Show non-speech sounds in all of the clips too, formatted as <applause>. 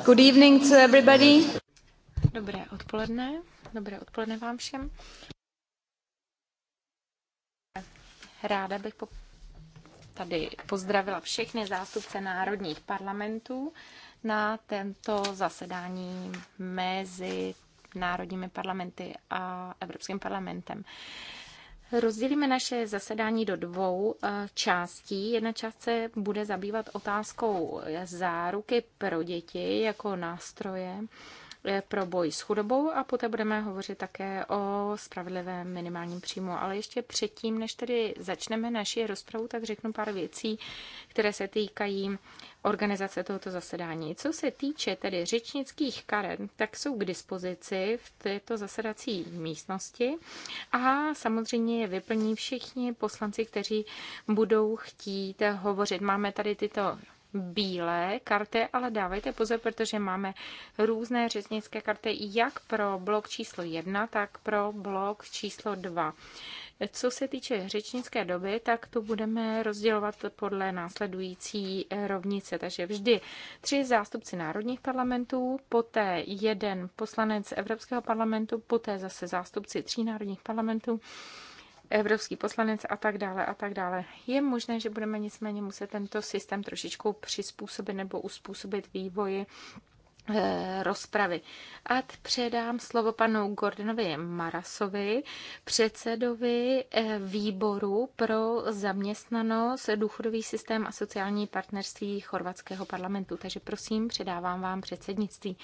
Good evening to everybody. Dobré odpoledne. Dobré odpoledne vám všem. Ráda bych po... tady pozdravila všechny zástupce národních parlamentů na tento zasedání mezi národními parlamenty a Evropským parlamentem. Uh, Rozdělíme naše zasedání do dvou eh, částí. Jedna část se bude zabývat otázkou záruky pro děti jako nástroje pro boj s chudobou a poté budeme hovořit také o spravedlivém minimálním příjmu. Ale ještě předtím, než tedy začneme naši rozpravu, tak řeknu pár věcí, které se týkají organizace tohoto zasedání. Co se týče tedy řečnických karet, tak jsou k dispozici v této zasedací místnosti a samozřejmě je vyplní všichni poslanci, kteří budou chtít hovořit. Máme tady tyto bílé karty, ale dávejte pozor, protože máme různé řeznické karty jak pro blok číslo 1, tak pro blok číslo 2. Co se týče řečnické doby, tak to budeme rozdělovat podle následující rovnice. Takže vždy tři zástupci národních parlamentů, poté jeden poslanec Evropského parlamentu, poté zase zástupci tří národních parlamentů evropský poslanec a tak dále a tak dále. Je možné, že budeme nicméně muset tento systém trošičku přizpůsobit nebo uspůsobit vývoji eh, rozpravy. A předám slovo panu Gordonovi Marasovi, předsedovi eh, výboru pro zaměstnanost, důchodový systém a sociální partnerství chorvatského parlamentu. Takže prosím, předávám vám předsednictví.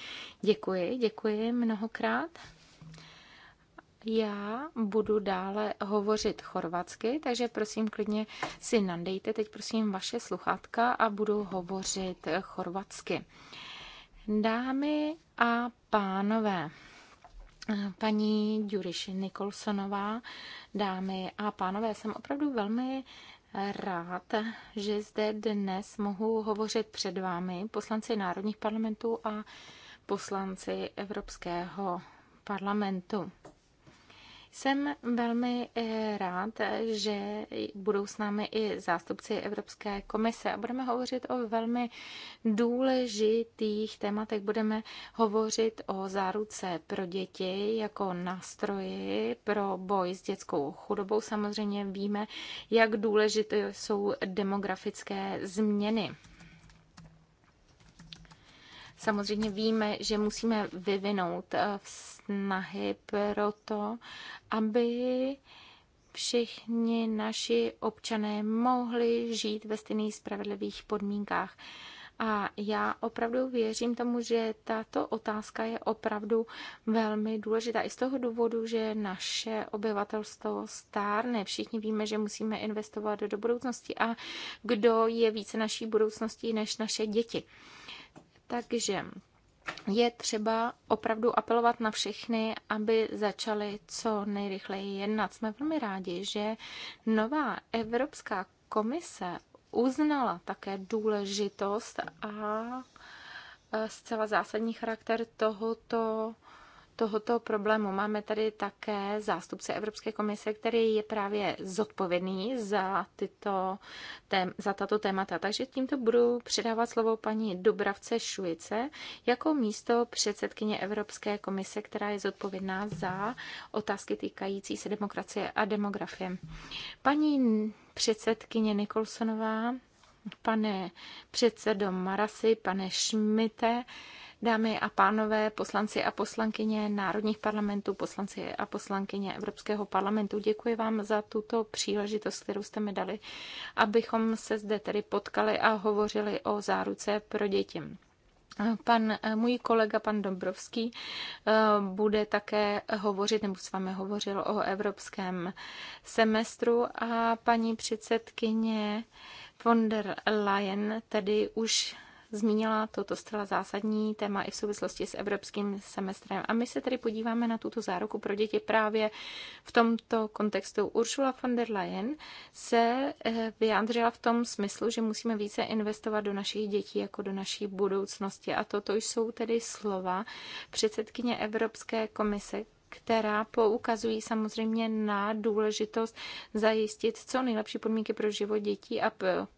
Děkuji, děkuji mnohokrát. Já budu dále hovořit chorvatsky, takže prosím klidně si nandejte teď prosím vaše sluchátka a budu hovořit chorvatsky. Dámy a pánové, paní Duriš Nikolsonová, dámy a pánové, jsem opravdu velmi rád, že zde dnes mohu hovořit před vámi, poslanci národních parlamentů a poslanci Evropského parlamentu. Jsem velmi eh, rád, že budou s námi i zástupci Evropské komise a budeme hovořit o velmi důležitých tématech. Budeme hovořit o záruce pro děti jako nástroji pro boj s dětskou chudobou. Samozřejmě víme, jak důležité jsou demografické změny. Samozřejmě víme, že musíme vyvinout eh, snahy pro to, aby všichni naši občané mohli žít ve stejných spravedlivých podmínkách. A já opravdu věřím tomu, že tato otázka je opravdu velmi důležitá. I z toho důvodu, že naše obyvatelstvo stárne. Všichni víme, že musíme investovat do budoucnosti. A kdo je více naší budoucností než naše děti? Takže je třeba opravdu apelovat na všechny, aby začali co nejrychleji jednat. Jsme velmi rádi, že nová Evropská komise uznala také důležitost a zcela zásadní charakter tohoto tohoto problému. Máme tady také zástupce Evropské komise, který je právě zodpovědný za, tyto, tém, za tato témata. Takže tímto budu předávat slovo paní Dubravce Šujice jako místo předsedkyně Evropské komise, která je zodpovědná za otázky týkající se demokracie a demografie. Paní předsedkyně Nikolsonová, pane předsedo Marasi, pane Šmite, Dámy a pánové, poslanci a poslankyně národních parlamentů, poslanci a poslankyně Evropského parlamentu, děkuji vám za tuto příležitost, kterou jste mi dali, abychom se zde tedy potkali a hovořili o záruce pro děti. Pan, můj kolega, pan Dombrovský, eh, bude také hovořit, nebo s vámi hovořil o evropském semestru a paní předsedkyně von der Leyen tedy už zmínila toto zcela zásadní téma i v souvislosti s evropským semestrem. A my se tedy podíváme na tuto záruku pro děti právě v tomto kontextu. Ursula von der Leyen se eh, vyjádřila v tom smyslu, že musíme více investovat do našich dětí jako do naší budoucnosti. A toto jsou tedy slova předsedkyně Evropské komise, která poukazují samozřejmě na důležitost zajistit co nejlepší podmínky pro život dětí a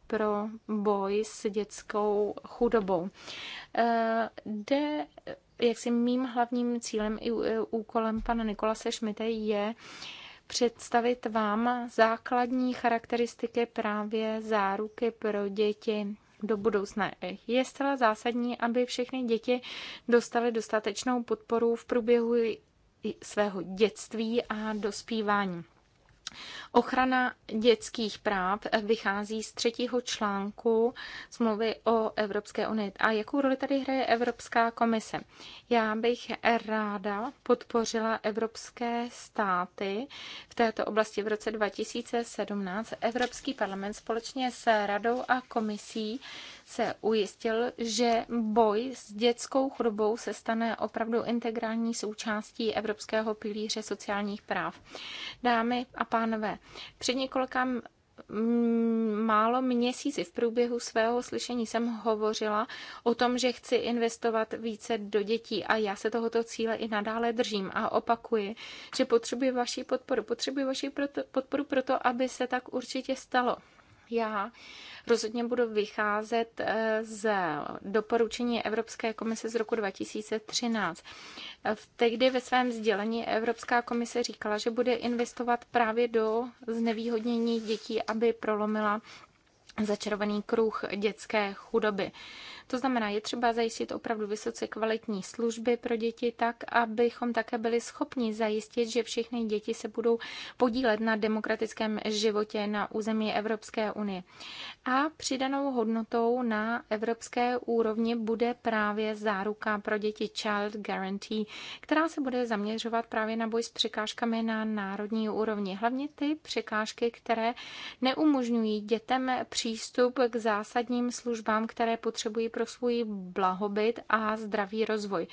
pro boj s dětskou chudobou. Eh, jde jak si mým hlavním cílem i e, úkolem pana Nikolase Šmite je představit vám základní charakteristiky právě záruky pro děti do budoucna. Je zcela zásadní, aby všechny děti dostaly dostatečnou podporu v průběhu svého dětství a dospívání. Ochrana dětských práv vychází z třetího článku smlouvy o Evropské unii. A jakou roli tady hraje Evropská komise? Já bych ráda podpořila evropské státy v této oblasti v roce 2017. Evropský parlament společně s radou a komisí se ujistil, že boj s dětskou chudobou se stane opravdu integrální součástí Evropského pilíře sociálních práv. Dámy a pánové, pánové, před několika málo měsíci v průběhu svého slyšení jsem hovořila o tom, že chci investovat více do dětí a já se tohoto cíle i nadále držím a opakuji, že potřebuji vaši podporu. Potřebuji vaši podporu proto, aby se tak určitě stalo. Já rozhodně budu vycházet eh, z doporučení Evropské komise z roku 2013. V tehdy ve svém sdělení Evropská komise říkala, že bude investovat právě do znevýhodnění dětí, aby prolomila začarovaný kruh dětské chudoby. To znamená, je třeba zajistit opravdu vysoce kvalitní služby pro děti tak, abychom také byli schopni zajistit, že všechny děti se budou podílet na demokratickém životě na území Evropské unie. A přidanou hodnotou na evropské úrovni bude právě záruka pro děti Child Guarantee, která se bude zaměřovat právě na boj s překážkami na národní úrovni. Hlavně ty překážky, které neumožňují dětem přístup k zásadním službám, které potřebují pro pro svůj blahobyt a zdravý rozvoj.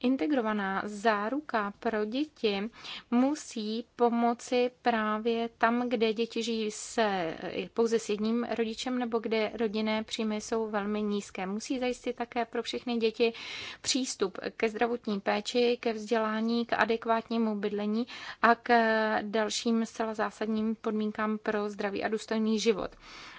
Integrovaná záruka pro děti musí pomoci právě tam, kde děti žijí se, pouze s jedním rodičem nebo kde rodinné příjmy jsou velmi nízké. Musí zajistit také pro všechny děti přístup ke zdravotní péči, ke vzdělání, k adekvátnímu bydlení a k dalším zcela zásadním podmínkám pro zdravý a důstojný život.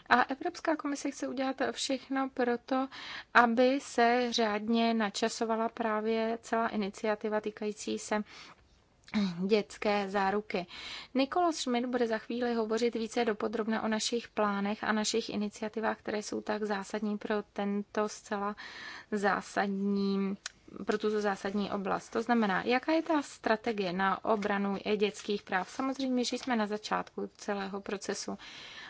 A Evropská komise chce udělat všechno pro to, aby se řádně načasovala právě celá iniciativa týkající se dětské záruky. Nikolas Schmidt bude za chvíli hovořit více dopodrobně o našich plánech a našich iniciativách, které jsou tak zásadní pro tento zcela zásadní pro tuto zásadní oblast. To znamená, jaká je ta strategie na obranu dětských práv? Samozřejmě, že jsme na začátku celého procesu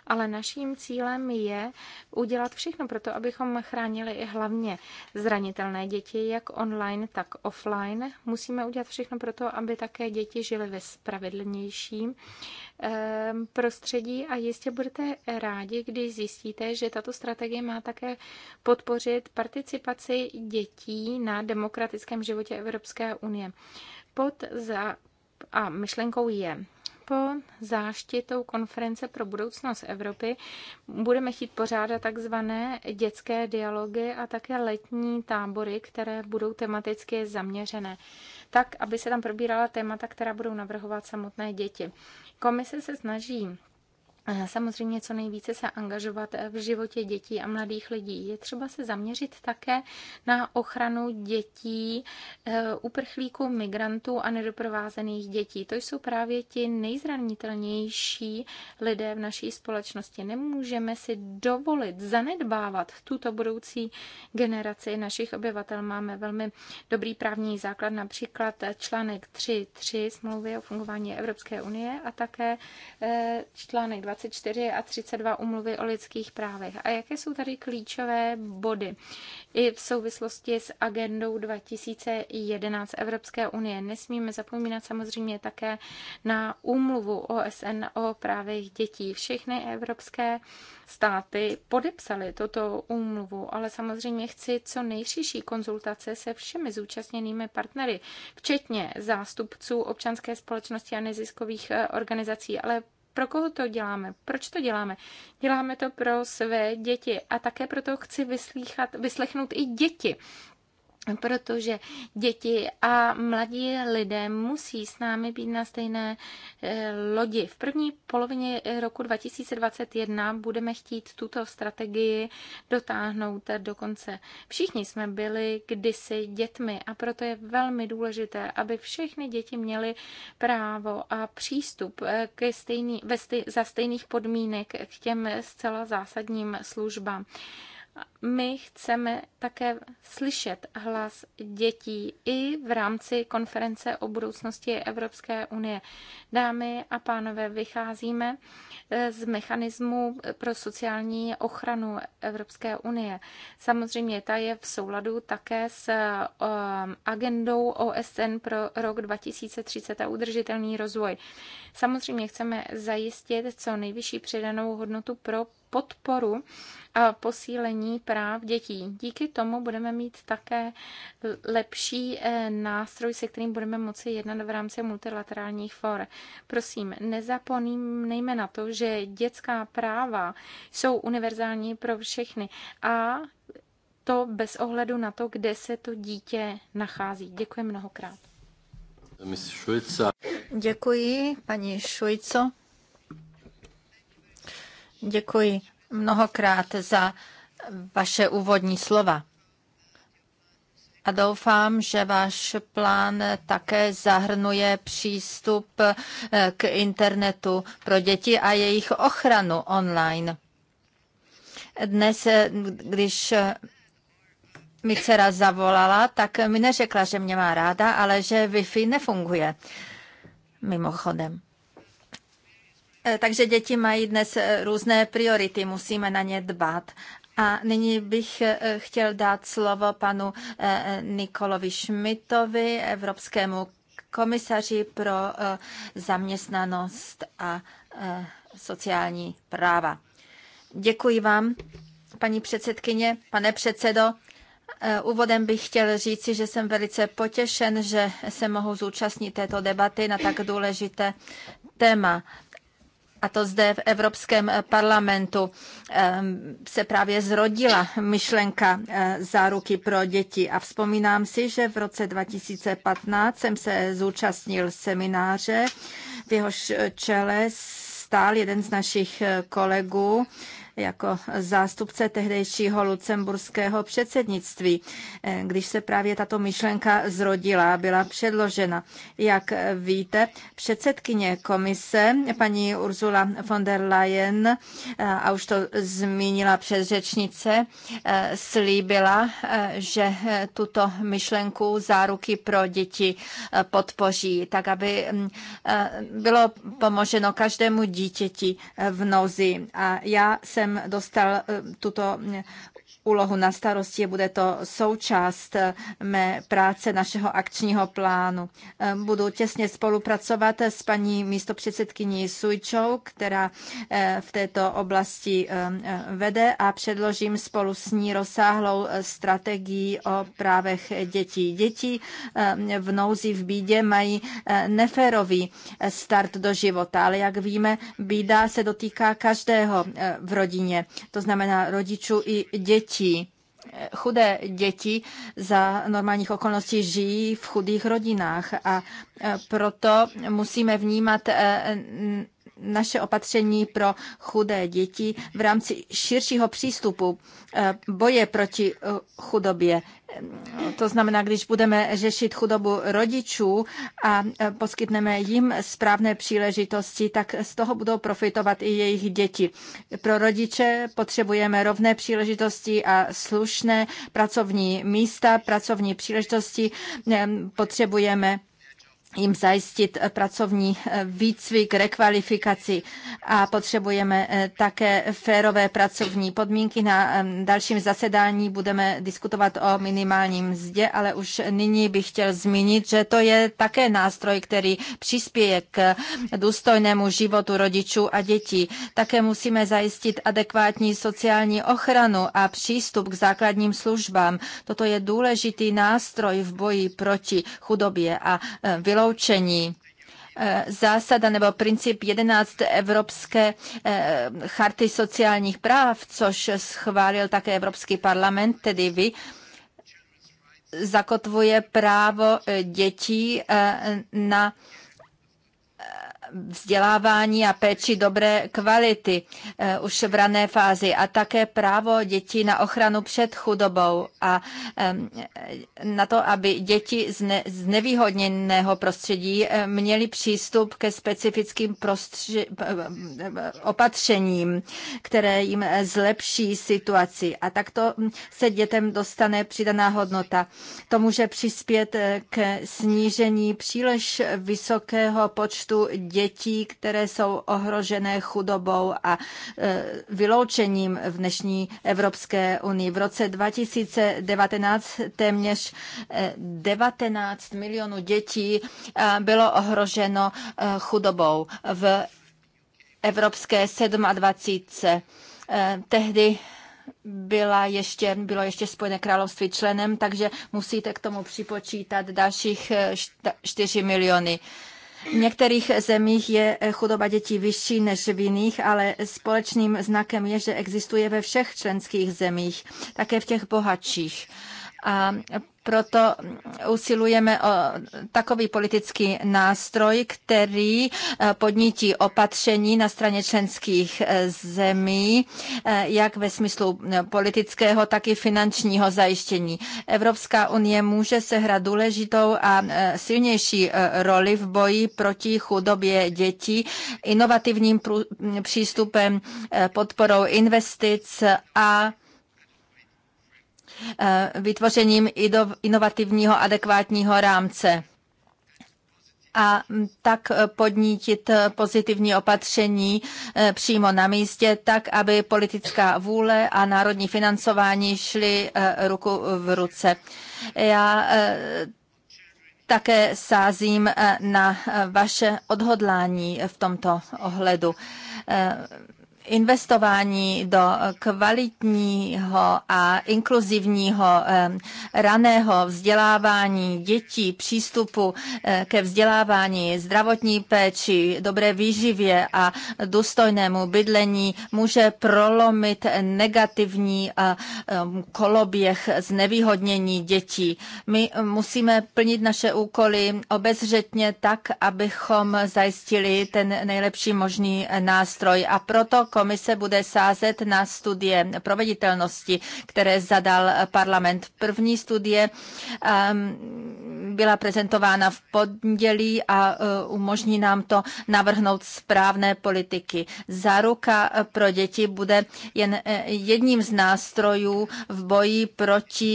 ale naším cílem je udělat všechno pro to, abychom chránili i hlavně zranitelné děti, jak online, tak offline. Musíme udělat všechno pro to, aby také děti žily ve spravedlnějším ehm, prostředí a jistě budete rádi, když zjistíte, že tato strategie má také podpořit participaci dětí na demokratickém životě Evropské unie. Pod za a myšlenkou je pod záštitou konference pro budoucnost Evropy budeme chtít pořádat takzvané dětské dialogy a také letní tábory, které budou tematicky zaměřené, tak, aby se tam probírala témata, která budou navrhovat samotné děti. Komise se snaží samozřejmě co nejvíce se angažovat v životě dětí a mladých lidí. Je třeba se zaměřit také na ochranu dětí, eh, uprchlíků, migrantů a nedoprovázených dětí. To jsou právě ti nejzranitelnější lidé v naší společnosti. Nemůžeme si dovolit zanedbávat tuto budoucí generaci našich obyvatel. Máme velmi dobrý právní základ, například článek 3.3 smlouvy o fungování Evropské unie a také eh, článek 24 a 32 umluvy o lidských právech. A jaké jsou tady klíčové body i v souvislosti s agendou 2011 Evropské unie? Nesmíme zapomínat samozřejmě také na umluvu OSN o právech dětí. Všechny evropské státy podepsaly toto úmluvu, ale samozřejmě chci co nejširší konzultace se všemi zúčastněnými partnery, včetně zástupců občanské společnosti a neziskových eh, organizací, ale pro koho to děláme? Proč to děláme? Děláme to pro své děti a také proto chci vyslechnout i děti protože děti a mladí lidé musí s námi být na stejné eh, lodi. V první polovině roku 2021 budeme chtít tuto strategii dotáhnout do konce. Všichni jsme byli kdysi dětmi a proto je velmi důležité, aby všechny děti měly právo a přístup eh, ke stejný, ve stej, za stejných podmínek k těm zcela zásadním službám my chceme také slyšet hlas dětí i v rámci konference o budoucnosti Evropské unie. Dámy a pánové, vycházíme eh, z mechanismu pro sociální ochranu Evropské unie. Samozřejmě ta je v souladu také s eh, agendou OSN pro rok 2030 a udržitelný rozvoj. Samozřejmě chceme zajistit co nejvyšší přidanou hodnotu pro podporu a posílení práv dětí. Díky tomu budeme mít také lepší eh, nástroj, se kterým budeme moci jednat v rámci multilaterálních for. Prosím, nezapomínejme na to, že dětská práva jsou univerzální pro všechny a to bez ohledu na to, kde se to dítě nachází. Děkuji mnohokrát. Děkuji, paní Šujco. Děkuji mnohokrát za vaše úvodní slova. A doufám, že váš plán také zahrnuje přístup eh, k internetu pro děti a jejich ochranu online. Dnes, eh, když eh, mi dcera zavolala, tak mi neřekla, že mě má ráda, ale že Wi-Fi nefunguje. Mimochodem. Eh, takže děti mají dnes eh, různé priority, musíme na ně dbát. A nyní bych eh, chtěl dát slovo panu Nikolovi Šmitovi, evropskému komisaři pro zaměstnanost a sociální práva. Děkuji vám, paní předsedkyně, pane předsedo. Úvodem bych chtěl říci, že jsem velice potěšen, že se mohu zúčastnit této debaty na tak důležité téma a to zde v Evropském parlamentu se právě zrodila myšlenka eh, záruky pro děti. A vzpomínám si, že v roce 2015 jsem se zúčastnil semináře, v jehož čele stál jeden z našich eh, kolegů, jako zástupce tehdejšího lucemburského předsednictví, eh, když se právě tato myšlenka zrodila, a byla předložena. Jak víte, předsedkyně komise, paní Ursula von der Leyen, eh, a už to zmínila předřečnice, eh, slíbila, že tuto myšlenku záruky pro děti podpoří, tak aby mm, bylo pomoženo každému dítěti v nouzi. A já se jsem dostal eh, tuto eh, úlohu na starosti, bude to součást mé práce našeho akčního plánu. Budu těsně spolupracovat s paní místopředsedkyní Sujčou, která eh, v této oblasti eh, eh, vede a předložím spolu s ní rozsáhlou strategii o právech dětí. Děti v nouzi v bídě mají neférový start do života, ale jak víme, bída se dotýká každého v rodině, to znamená rodičů i dětí dětí. Chudé děti za normálních okolností žijí v chudých rodinách a e, proto musíme vnímat e, naše opatření pro chudé děti v rámci širšího přístupu eh, boje proti eh, chudobě. Eh, to znamená, když budeme řešit chudobu rodičů a poskytneme jim správné příležitosti, tak z toho budou profitovat i jejich děti. Pro rodiče potřebujeme rovné příležitosti a slušné pracovní místa, pracovní příležitosti. Potřebujeme jim zajistit eh, pracovní eh, výcvik, rekvalifikaci a potřebujeme eh, také férové pracovní podmínky. Na dalším zasedání budeme diskutovat o minimálním mzdě, ale už nyní bych chtěl zmínit, že to je také nástroj, který přispěje k důstojnému životu rodičů a dětí. Také musíme zajistit adekvátní sociální ochranu a přístup k základním službám. Toto je důležitý nástroj v boji proti chudobě a vylo vyloučení eh, zásada nebo princip 11 Evropské eh, charty sociálních práv, což schválil také Evropský parlament, tedy vy, zakotvuje právo eh, dětí na vzdělávání a péči dobré kvality eh, už v rané fázi a také právo dětí na ochranu před chudobou a eh, na to, aby děti z, ne, z nevýhodněného prostředí eh, měly přístup ke specifickým prostři, opatřením, které jim zlepší situaci. A takto hm, se dětem dostane přidaná hodnota. To může přispět k snížení příliš vysokého počtu dětí dětí, které jsou ohrožené chudobou a e, vyloučením v dnešní Evropské unii. V roce 2019 téměř 19 e, milionů dětí e, bylo ohroženo chudobou v Evropské 27. Tehdy byla ještě, bylo ještě Spojené království členem, takže musíte k tomu připočítat dalších 4 miliony v některých zemích je eh, chudoba dětí vyšší než v jiných, ale společným znakem je, že existuje ve všech členských zemích, také v těch bohatších a proto usilujeme o takový politický nástroj, který eh, podnítí opatření na straně členských eh, zemí, eh, jak ve smyslu politického, tak i finančního zajištění. Evropská unie může sehrát důležitou a silnější roli v boji proti chudobě dětí inovativním přístupem, podporou investic a Eh, vytvořením inovativního adekvátního rámce a tak podnítit pozitivní opatření eh, přímo na místě, tak aby politická vůle a národní financování šly eh, ruku v ruce. Já také sázím na vaše odhodlání v tomto ohledu investování do kvalitního a inkluzivního raného vzdělávání dětí, přístupu eh, ke vzdělávání, zdravotní péči, dobré výživě a důstojnému bydlení může prolomit negativní eh, koloběh znevýhodnění dětí. My musíme plnit naše úkoly obezřetně tak, abychom zajistili ten nejlepší možný eh, nástroj. A proto komise bude sázet na studie proveditelnosti, které zadal parlament. První studie ehm, byla prezentována v pondělí a e, umožní nám to navrhnout správné politiky. Záruka e, pro děti bude jen e, jedním z nástrojů v boji proti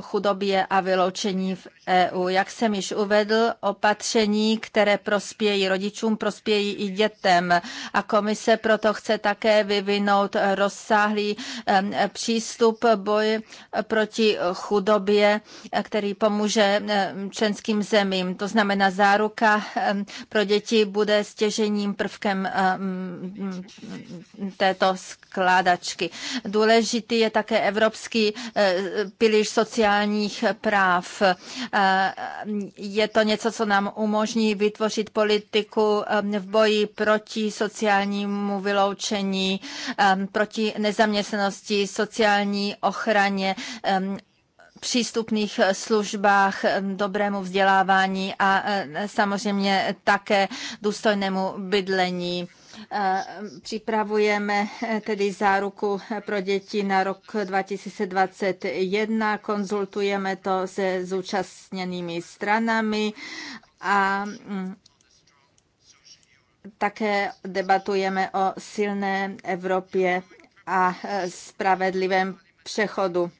chudobě a vyloučení v EU. Jak jsem již uvedl, opatření, které prospějí rodičům, prospějí i dětem a komise proto chce také vyvinout rozsáhlý přístup boj proti chudobě, který pomůže členským zemím. To znamená, záruka pro děti bude stěžením prvkem této skládačky. Důležitý je také evropský e, pilíř sociálních práv. E, je to něco, co nám umožní vytvořit politiku v boji proti sociálnímu vyloučení opatření proti nezaměstnanosti, sociální ochraně, přístupných službách, dobrému vzdělávání a samozřejmě také důstojnému bydlení. E, připravujeme e, tedy záruku pro děti na rok 2021, konzultujeme to se zúčastněnými stranami a mm, také debatujeme o silné Evropě a spravedlivém přechodu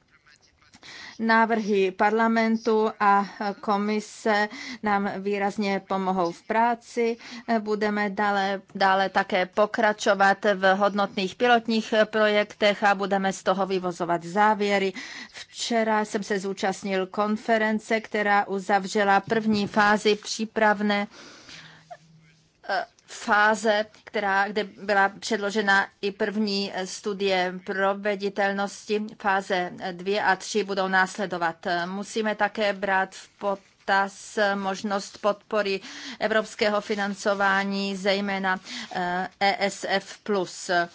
návrhy parlamentu a komise nám výrazně pomohou v práci. Budeme dále, dále také pokračovat v hodnotných pilotních projektech a budeme z toho vyvozovat závěry. Včera jsem se zúčastnil konference, která uzavřela první fázi přípravné fáze, která, kde byla předložena i první studie proveditelnosti. Fáze 2 a 3 budou následovat. Musíme také brát v pot potaz možnost podpory evropského financování, zejména ESF+. Eh, e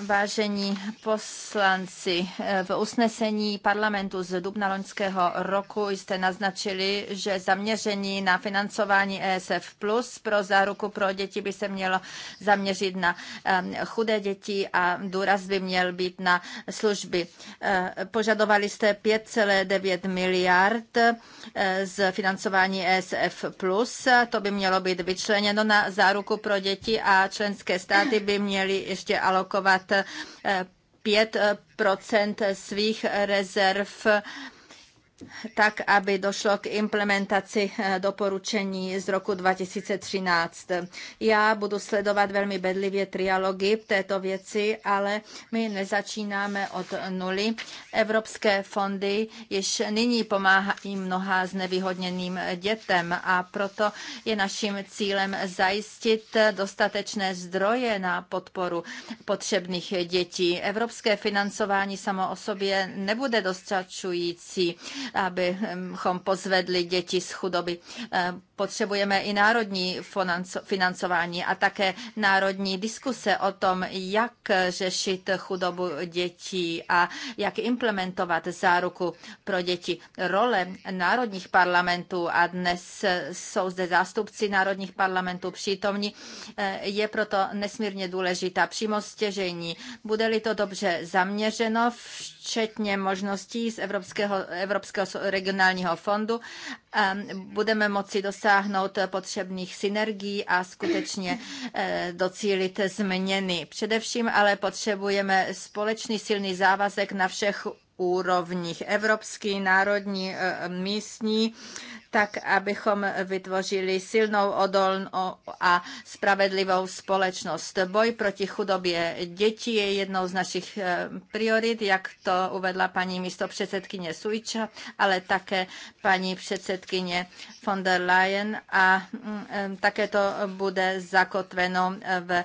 Vážení poslanci, eh, v usnesení parlamentu z dubna loňského roku jste naznačili, že zaměření na financování ESF Plus pro záruku pro děti by se mělo zaměřit na eh, chudé děti a důraz by měl být na služby. Požadovali jste 5,9 miliard z financování financování ESF+. To by mělo být vyčleněno na záruku pro děti a členské státy by měly ještě alokovat 5 eh, eh, svých rezerv tak, aby došlo k implementaci eh, doporučení z roku 2013. Já budu sledovat velmi bedlivě trialogy v této věci, ale my nezačínáme od nuly. Evropské fondy již nyní pomáhají mnoha znevýhodněným dětem a proto je naším cílem zajistit dostatečné zdroje na podporu potřebných dětí. Evropské financování samo o sobě nebude dostačující abychom pozvedli děti z chudoby potřebujeme i národní financování a také národní diskuse o tom, jak řešit chudobu dětí a jak implementovat záruku pro děti. Role národních parlamentů a dnes jsou zde zástupci národních parlamentů přítomní, eh, je proto nesmírně důležitá přímo stěžení. Bude-li to dobře zaměřeno, včetně možností z Evropského, Evropského regionálního fondu Ehm, budeme moci dosáhnout potřebných synergií a skutečně eh, docílit změny. Především ale potřebujeme společný silný závazek na všech úrovních, evropský, národní, e, místní, tak abychom vytvořili silnou, odolnou a spravedlivou společnost. Boj proti chudobě dětí je jednou z našich e, priorit, jak to uvedla paní místopředsedkyně Sujča, ale také paní předsedkyně von der Leyen a mm, e, také to bude zakotveno v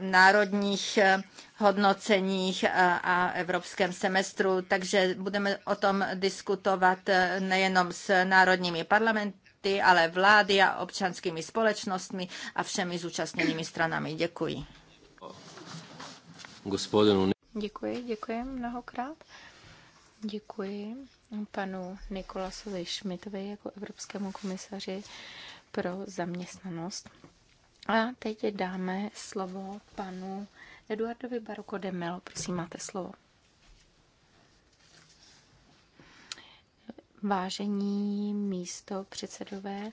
národních hodnoceních a evropském semestru, takže budeme o tom diskutovat e, nejenom s národními parlamenty, ale vlády a občanskými společnostmi a všemi zúčastněnými stranami. Děkuji. Děkuji, děkuji mnohokrát. Děkuji panu Nikolasovi Šmitovi jako evropskému komisaři pro zaměstnanost. A teď dáme slovo panu Eduardovi Baruko de Melo. Prosím, máte slovo. Vážení místo předsedové,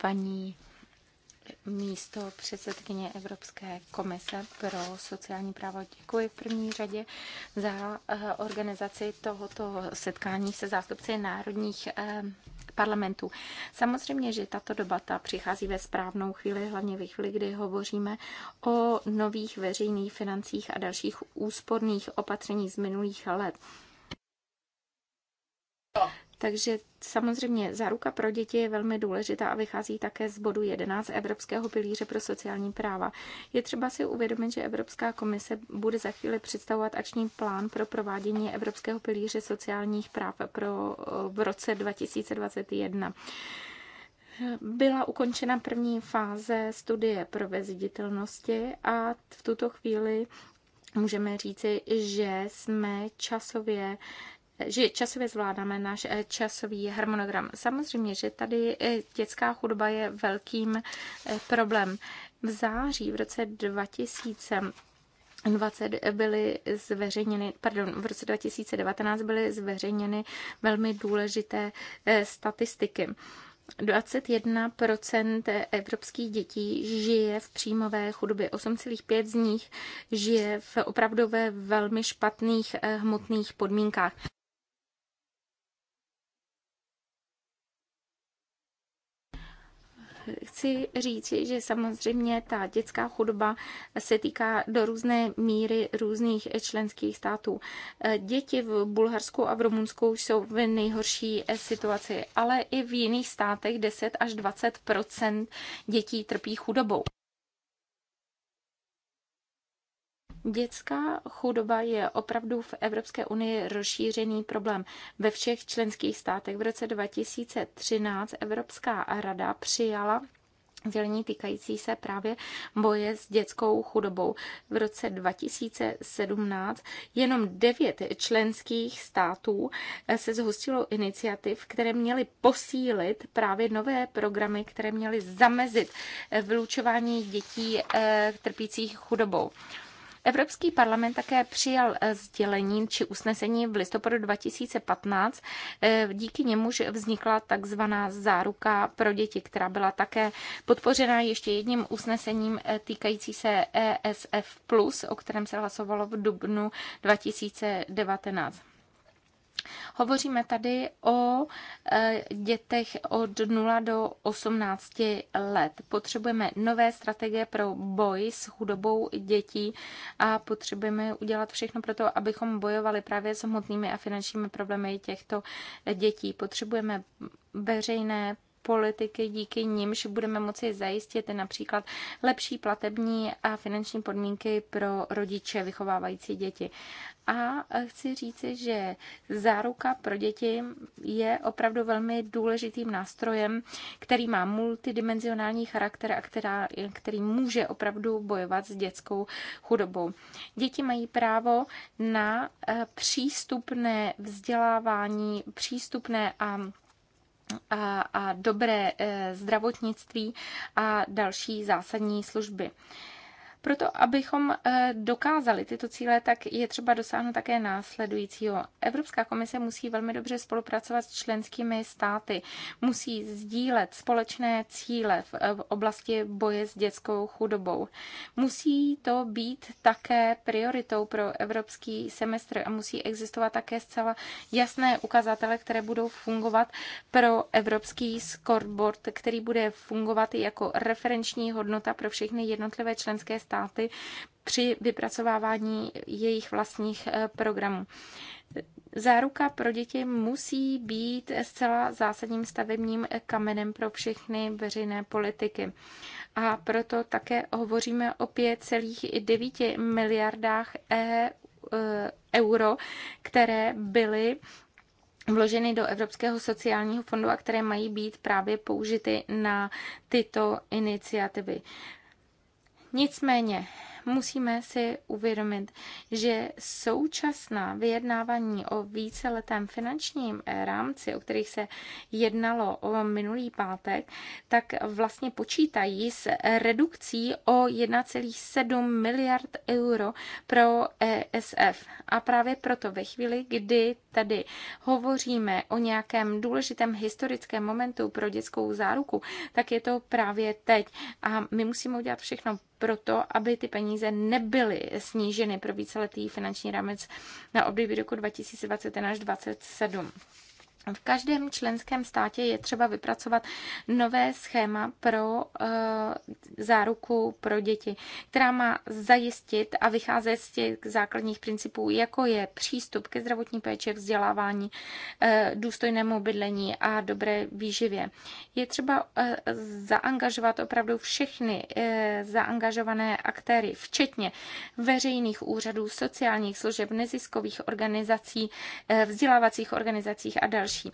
paní místo předsedkyně Evropské komise pro sociální právo. Děkuji v první řadě za eh, organizaci tohoto setkání se zástupci národních eh, parlamentů. Samozřejmě, že tato debata přichází ve správnou chvíli, hlavně ve chvíli, kdy hovoříme o nových veřejných financích a dalších úsporných opatřeních z minulých let. Takže samozřejmě záruka pro děti je velmi důležitá a vychází také z bodu 11 Evropského pilíře pro sociální práva. Je třeba si uvědomit, že Evropská komise bude za chvíli představovat akční plán pro provádění Evropského pilíře sociálních práv pro, eh, v roce 2021 byla ukončena první fáze studie pro veziditelnosti a v tuto chvíli můžeme říci, že jsme časově že časově zvládáme náš eh, časový harmonogram. Samozřejmě, že tady eh, dětská chudoba je velkým eh, problém. V září v roce 2000 20 byly zveřejněny, pardon, v roce 2019 byly zveřejněny velmi důležité statistiky. 21% evropských dětí žije v příjmové chudobě. 8,5 z nich žije v opravdové velmi špatných hmotných podmínkách. chci říct, že samozřejmě ta dětská chudoba se týká do různé míry různých členských států. Děti v Bulharsku a v Rumunsku jsou v nejhorší situaci, ale i v jiných státech 10 až 20 dětí trpí chudobou. Dětská chudoba je opravdu v Evropské unii rozšířený problém ve všech členských státech. V roce 2013 Evropská rada přijala sdělení týkající se právě boje s dětskou chudobou. V roce 2017 jenom devět členských států se zhostilo iniciativ, které měly posílit právě nové programy, které měly zamezit vylučování dětí eh, trpících chudobou. Evropský parlament také přijal eh, sdělení či usnesení v listopadu 2015. Eh, díky němuž vznikla takzvaná záruka pro děti, která byla také podpořena ještě jedním usnesením eh, týkající se ESF+, o kterém se hlasovalo v dubnu 2019. Hovoříme tady o eh, dětech od 0 do 18 let. Potřebujeme nové strategie pro boj s chudobou dětí a potřebujeme udělat všechno pro to, abychom bojovali právě s hmotnými a finančními problémy těchto dětí. Potřebujeme veřejné politiky, díky nimž budeme moci zajistit například lepší platební a finanční podmínky pro rodiče vychovávající děti. A chci říci, že záruka pro děti je opravdu velmi důležitým nástrojem, který má multidimenzionální charakter a která, který může opravdu bojovat s dětskou chudobou. Děti mají právo na eh, přístupné vzdělávání, přístupné a a, a dobré eh, zdravotnictví a další zásadní služby. Proto, abychom eh, dokázali tyto cíle, tak je třeba dosáhnout také následujícího. Evropská komise musí velmi dobře spolupracovat s členskými státy, musí sdílet společné cíle eh, v oblasti boje s dětskou chudobou. Musí to být také prioritou pro evropský semestr a musí existovat také zcela jasné ukazatele, které budou fungovat pro evropský scoreboard, který bude fungovat jako referenční hodnota pro všechny jednotlivé členské státy státy při vypracovávání jejich vlastních eh, programů. Záruka pro děti musí být zcela zásadním stavebním eh, kamenem pro všechny veřejné politiky. A proto také hovoříme o 5,9 miliardách eh, euro, které byly vloženy do Evropského sociálního fondu a které mají být právě použity na tyto iniciativy. Nicméně musíme si uvědomit, že současná vyjednávání o víceletém finančním eh, rámci, o kterých se jednalo o minulý pátek, tak vlastně počítají s redukcí o 1,7 miliard euro pro ESF. A právě proto ve chvíli, kdy tady hovoříme o nějakém důležitém historickém momentu pro dětskou záruku, tak je to právě teď. A my musíme udělat všechno proto, aby ty peníze nebyly sníženy pro víceletý finanční rámec na období roku 2021 až 2027. V každém členském státě je třeba vypracovat nové schéma pro e, záruku pro děti, která má zajistit a vycházet z těch základních principů, jako je přístup ke zdravotní péči, vzdělávání, e, důstojnému bydlení a dobré výživě. Je třeba e, zaangažovat opravdu všechny e, zaangažované aktéry, včetně veřejných úřadů, sociálních služeb, neziskových organizací, e, vzdělávacích organizacích a dalších další.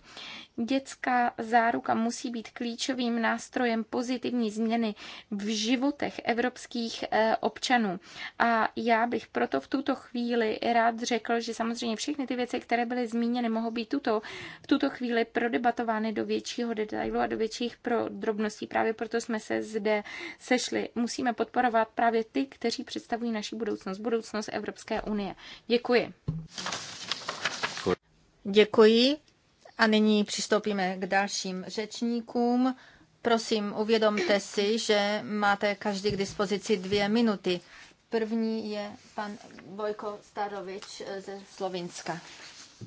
Dětská záruka musí být klíčovým nástrojem pozitivní změny v životech evropských eh, občanů. A já bych proto v tuto chvíli rád řekl, že samozřejmě všechny ty věci, které byly zmíněny, mohou být tuto, v tuto chvíli prodebatovány do většího detailu a do větších drobností. Právě proto jsme se zde sešli. Musíme podporovat právě ty, kteří představují naši budoucnost, budoucnost Evropské unie. Děkuji. Děkuji. A nyní přistoupíme k dalším řečníkům. Prosím, uvědomte si, že máte každý k dispozici dvě minuty. První je pan Bojko Starovič ze Slovinska.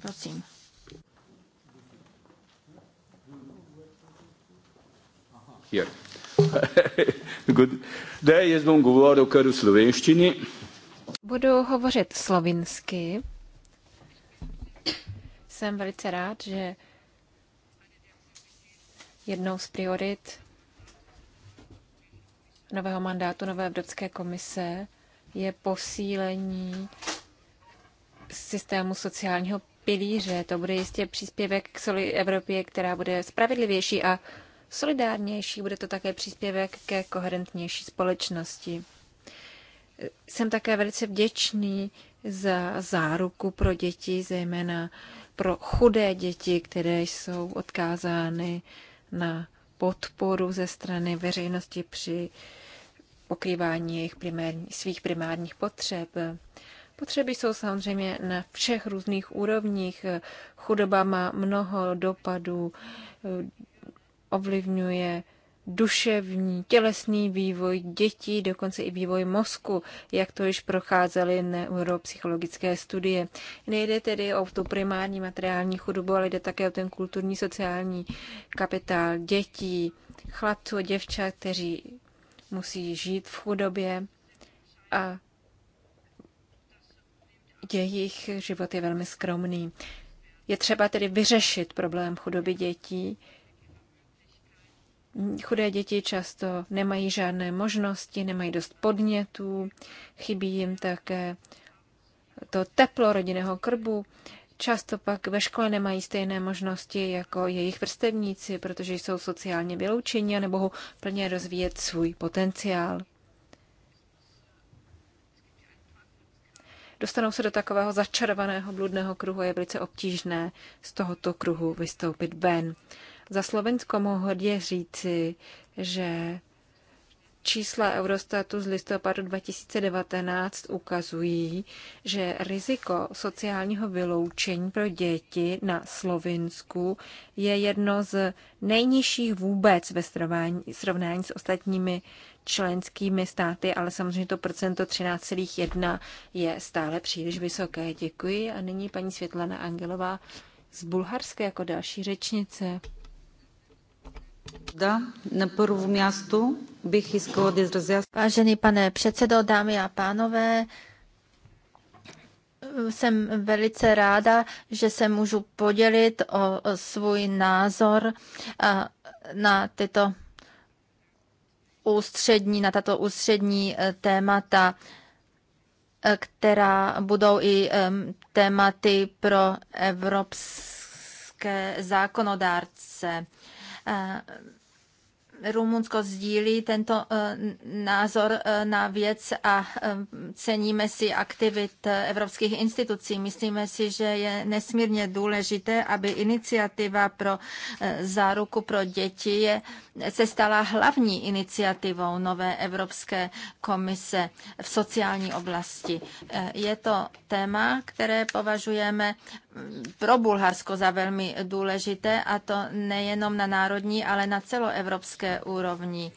Prosím. Here. <laughs> Good day, jaz bom govoril Budu hovořit slovinsky jsem velice rád, že jednou z priorit nového mandátu nové Evropské komise je posílení systému sociálního pilíře. To bude jistě příspěvek k soli Evropě, která bude spravedlivější a solidárnější. Bude to také příspěvek ke koherentnější společnosti. Jsem také velice vděčný za záruku pro děti, zejména pro chudé děti, které jsou odkázány na podporu ze strany veřejnosti při pokrývání jejich primární, svých primárních potřeb. Potřeby jsou samozřejmě na všech různých úrovních. Chudoba má mnoho dopadů, eh, ovlivňuje duševní, tělesný vývoj dětí, dokonce i vývoj mozku, jak to již procházely neuropsychologické studie. Nejde tedy o tu primární materiální chudobu, ale jde také o ten kulturní sociální kapitál dětí, chlapců a děvčat, kteří musí žít v chudobě a jejich život je velmi skromný. Je třeba tedy vyřešit problém chudoby dětí, Chudé děti často nemají žádné možnosti, nemají dost podnětů, chybí jim také to teplo rodinného krbu. Často pak ve škole nemají stejné možnosti jako jejich vrstevníci, protože jsou sociálně vyloučení a nemohou plně rozvíjet svůj potenciál. Dostanou se do takového začarovaného bludného kruhu a je velice obtížné z tohoto kruhu vystoupit ven. Za Slovensko mohu hodně říci, že čísla Eurostatu z listopadu 2019 ukazují, že riziko sociálního vyloučení pro děti na Slovinsku je jedno z nejnižších vůbec ve srovnání, srovnání s ostatními členskými státy, ale samozřejmě to procento 13,1 je stále příliš vysoké. Děkuji. A nyní paní Světlana Angelová z Bulharska jako další řečnice. Vážený pane předsedo, dámy a pánové, jsem velice ráda, že se můžu podělit o svůj názor na tyto ústřední, na tato ústřední e, témata, e, která budou i e, tématy pro evropské zákonodárce. Eh, Rumunsko sdílí tento eh, názor eh, na věc a ceníme si aktivit evropských institucí. Myslíme si, že je nesmírně důležité, aby iniciativa pro záruku pro děti je se stala hlavní iniciativou nové Evropské komise v sociální oblasti. Eh, je to téma, které považujeme mm, pro Bulharsko za velmi důležité a to nejenom na národní, ale na celoevropské úrovni.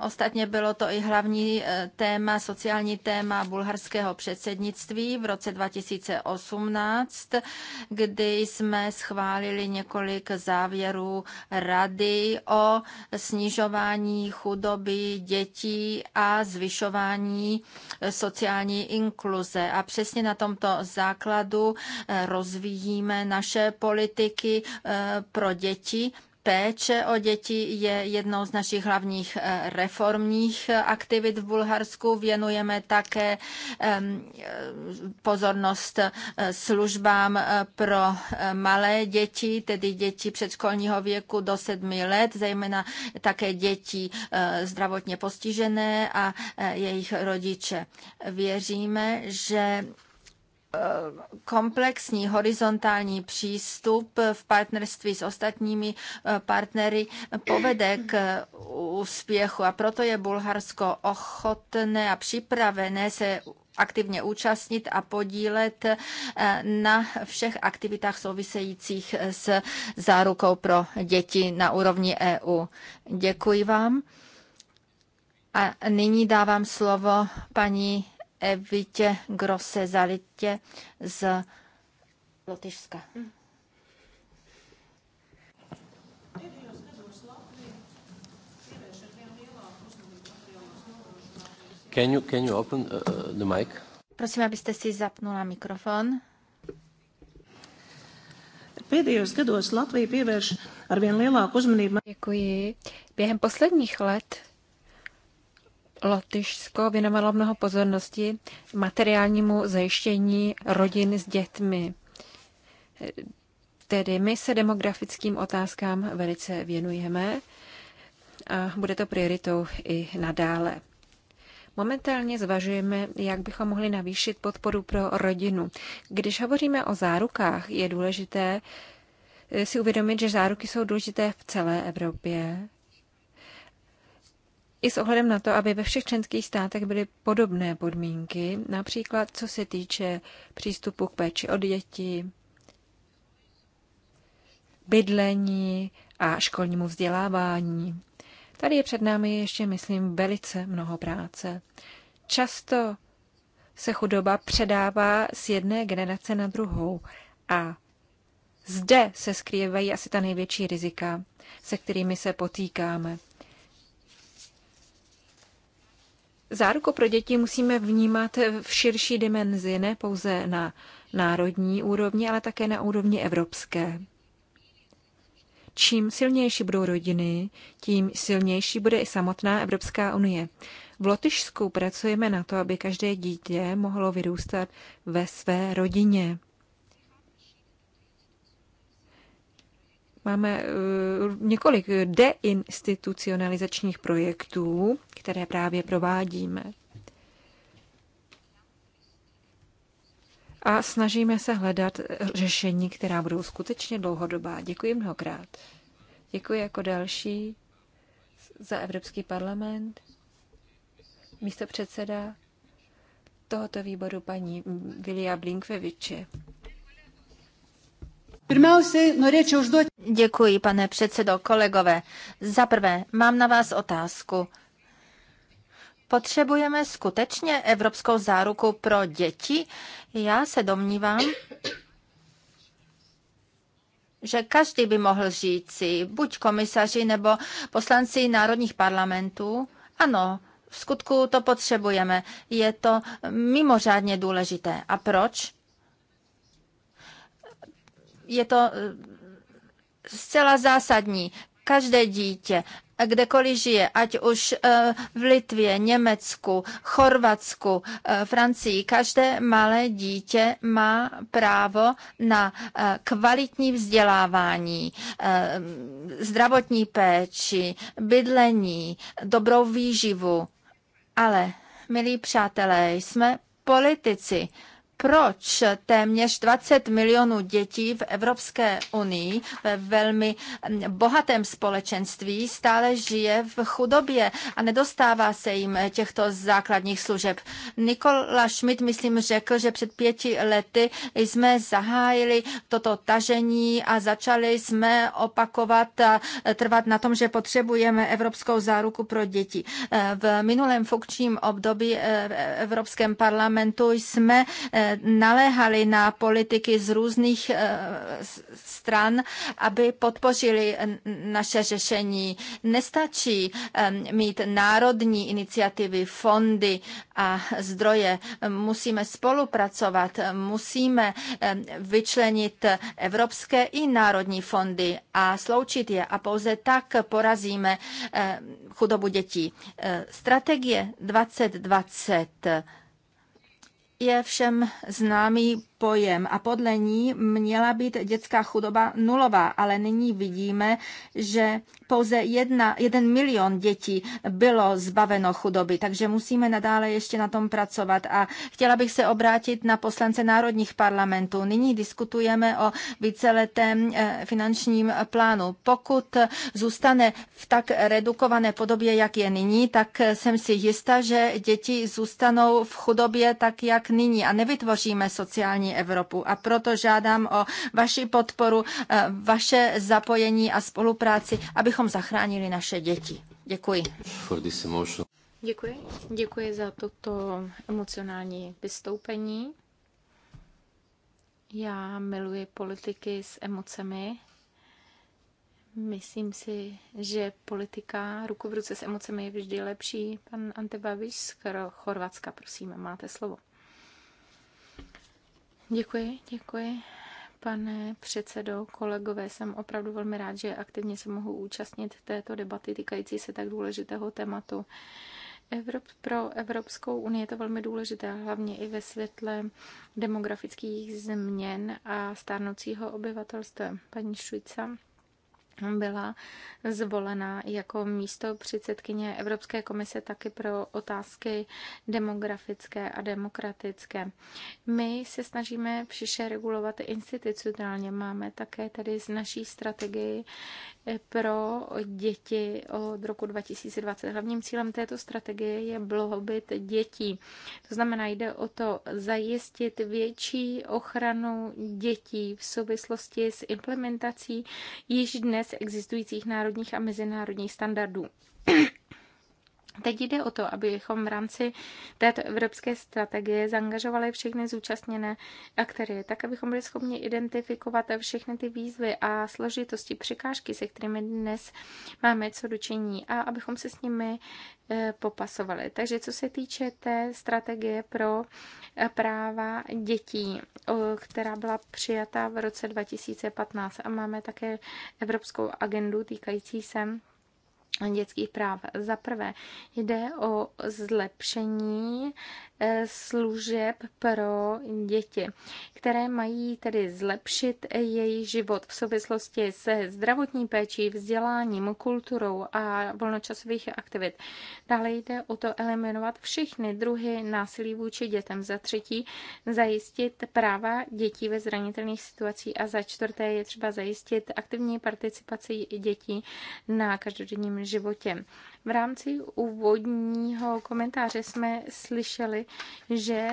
Ostatně bylo to i hlavní eh, téma, sociální téma bulharského předsednictví v roce 2018, kdy jsme schválili několik závěrů rady o snižování chudoby dětí a zvyšování eh, sociální inkluze. A přesně na tomto základu eh, rozvíjíme naše politiky pro děti péče o děti je jednou z našich hlavních eh, reformních eh, aktivit v Bulharsku. Věnujeme také eh, pozornost službám pro malé děti, tedy děti předškolního věku do sedmi let, zejména také děti zdravotně postižené a jejich rodiče. Věříme, že komplexní horizontální přístup v partnerství s ostatními eh, partnery povede k eh, úspěchu a proto je Bulharsko ochotné a připravené se aktivně účastnit a podílet eh, na všech aktivitách souvisejících s zárukou pro děti na úrovni EU. Děkuji vám. A nyní dávám slovo paní Evitě Grose Zalitě z Lotyšska. Can you, can you open uh, uh, the mic? Prosím, abyste si zapnula mikrofon. Pēdējos gados Latvija pievērš arvien lielāku Děkuji. Během posledních let Lotyšsko věnovalo mnoho pozornosti materiálnímu zajištění rodin s dětmi. Tedy my se demografickým otázkám velice věnujeme a bude to prioritou i nadále. Momentálně zvažujeme, jak bychom mohli navýšit podporu pro rodinu. Když hovoříme o zárukách, je důležité si uvědomit, že záruky jsou důležité v celé Evropě i s ohledem na to, aby ve všech členských státech byly podobné podmínky, například co se týče přístupu k péči od děti, bydlení a školnímu vzdělávání. Tady je před námi ještě, myslím, velice mnoho práce. Často se chudoba předává z jedné generace na druhou a zde se skrývají asi ta největší rizika, se kterými se potýkáme. záruku pro děti musíme vnímat v širší dimenzi, ne pouze na národní úrovni, ale také na úrovni evropské. Čím silnější budou rodiny, tím silnější bude i samotná Evropská unie. V Lotyšsku pracujeme na to, aby každé dítě mohlo vyrůstat ve své rodině. Máme eh, několik deinstitucionalizačních projektů, které právě provádíme. A snažíme se hledat řešení, která budou skutečně dlouhodobá. Děkuji mnohokrát. Děkuji jako další za Evropský parlament místo předseda tohoto výboru paní Vilia Blinkveviče. Děkuji, pane předsedo, kolegové. Za prvé, mám na vás otázku. Potřebujeme skutečně evropskou záruku pro děti? Já se domnívám, že každý by mohl říci, buď komisaři nebo poslanci národních parlamentů, ano, v skutku to potřebujeme. Je to mimořádně důležité. A proč? je to eh, zcela zásadní. Každé dítě, kdekoliv žije, ať už eh, v Litvě, Německu, Chorvatsku, eh, Francii, každé malé dítě má právo na kvalitní vzdělávání, zdravotní péči, bydlení, dobrou výživu. Ale, milí přátelé, jsme politici proč téměř 20 milionů dětí v Evropské unii ve velmi mm, bohatém společenství stále žije v chudobě a nedostává se jim těchto základních služeb. Nikola Schmidt, myslím, řekl, že před pěti lety jsme zahájili toto tažení a začali jsme opakovat a trvat na tom, že potřebujeme Evropskou záruku pro děti. V minulém funkčním období eh, v Evropském parlamentu jsme eh, naléhali na politiky z různých eh, stran, aby podpořili naše řešení. Nestačí ehm, mít národní iniciativy, fondy a zdroje. Musíme spolupracovat, musíme ehm, vyčlenit evropské i národní fondy a sloučit je a pouze tak porazíme ehm, chudobu dětí. Eh, strategie 2020 je všem známý pojem a podle ní měla být dětská chudoba nulová, ale nyní vidíme, že pouze jedna, jeden milion dětí bylo zbaveno chudoby, takže musíme nadále ještě na tom pracovat. A chtěla bych se obrátit na poslance národních parlamentů. Nyní diskutujeme o víceletém eh, finančním plánu. Pokud zůstane v tak redukované podobě, jak je nyní, tak jsem si jista, že děti zůstanou v chudobě tak, jak nyní a nevytvoříme sociální digitální Evropu. A proto žádám o vaši podporu, eh, vaše zapojení a spolupráci, abychom zachránili naše děti. Děkuji. Děkuji. Děkuji za toto emocionální vystoupení. Já miluji politiky s emocemi. Myslím si, že politika ruku v ruce s emocemi je vždy lepší. Pan Ante Babiš z Chorvatska, prosím, máte slovo. Děkuji, děkuji. Pane předsedo, kolegové, jsem opravdu velmi rád, že aktivně se mohu účastnit této debaty týkající se tak důležitého tématu. Evrop, pro Evropskou unii je to velmi důležité, hlavně i ve světle demografických změn a stárnoucího obyvatelstva. Paní Šujca byla zvolena jako místo předsedkyně Evropské komise taky pro otázky demografické a demokratické. My se snažíme přiše regulovat institucionálně. Máme také tady z naší strategii pro děti od roku 2020. Hlavním cílem této strategie je blahobyt dětí. To znamená, jde o to zajistit větší ochranu dětí v souvislosti s implementací již dnes z existujících národních a mezinárodních standardů. Teď jde o to, abychom v rámci této evropské strategie zangažovali všechny zúčastněné aktéry, tak abychom byli schopni identifikovat všechny ty výzvy a složitosti, překážky, se kterými dnes máme co dočení a abychom se s nimi eh, popasovali. Takže co se týče té strategie pro eh, práva dětí, která byla přijata v roce 2015 a máme také evropskou agendu týkající se dětských práv. Za prvé jde o zlepšení eh, služeb pro děti, které mají tedy zlepšit jejich život v souvislosti se zdravotní péčí, vzděláním, kulturou a volnočasových aktivit. Dále jde o to eliminovat všechny druhy násilí vůči dětem. Za třetí zajistit práva dětí ve zranitelných situacích a za čtvrté je třeba zajistit aktivní participaci dětí na každodenním životě. V rámci úvodního komentáře jsme slyšeli, že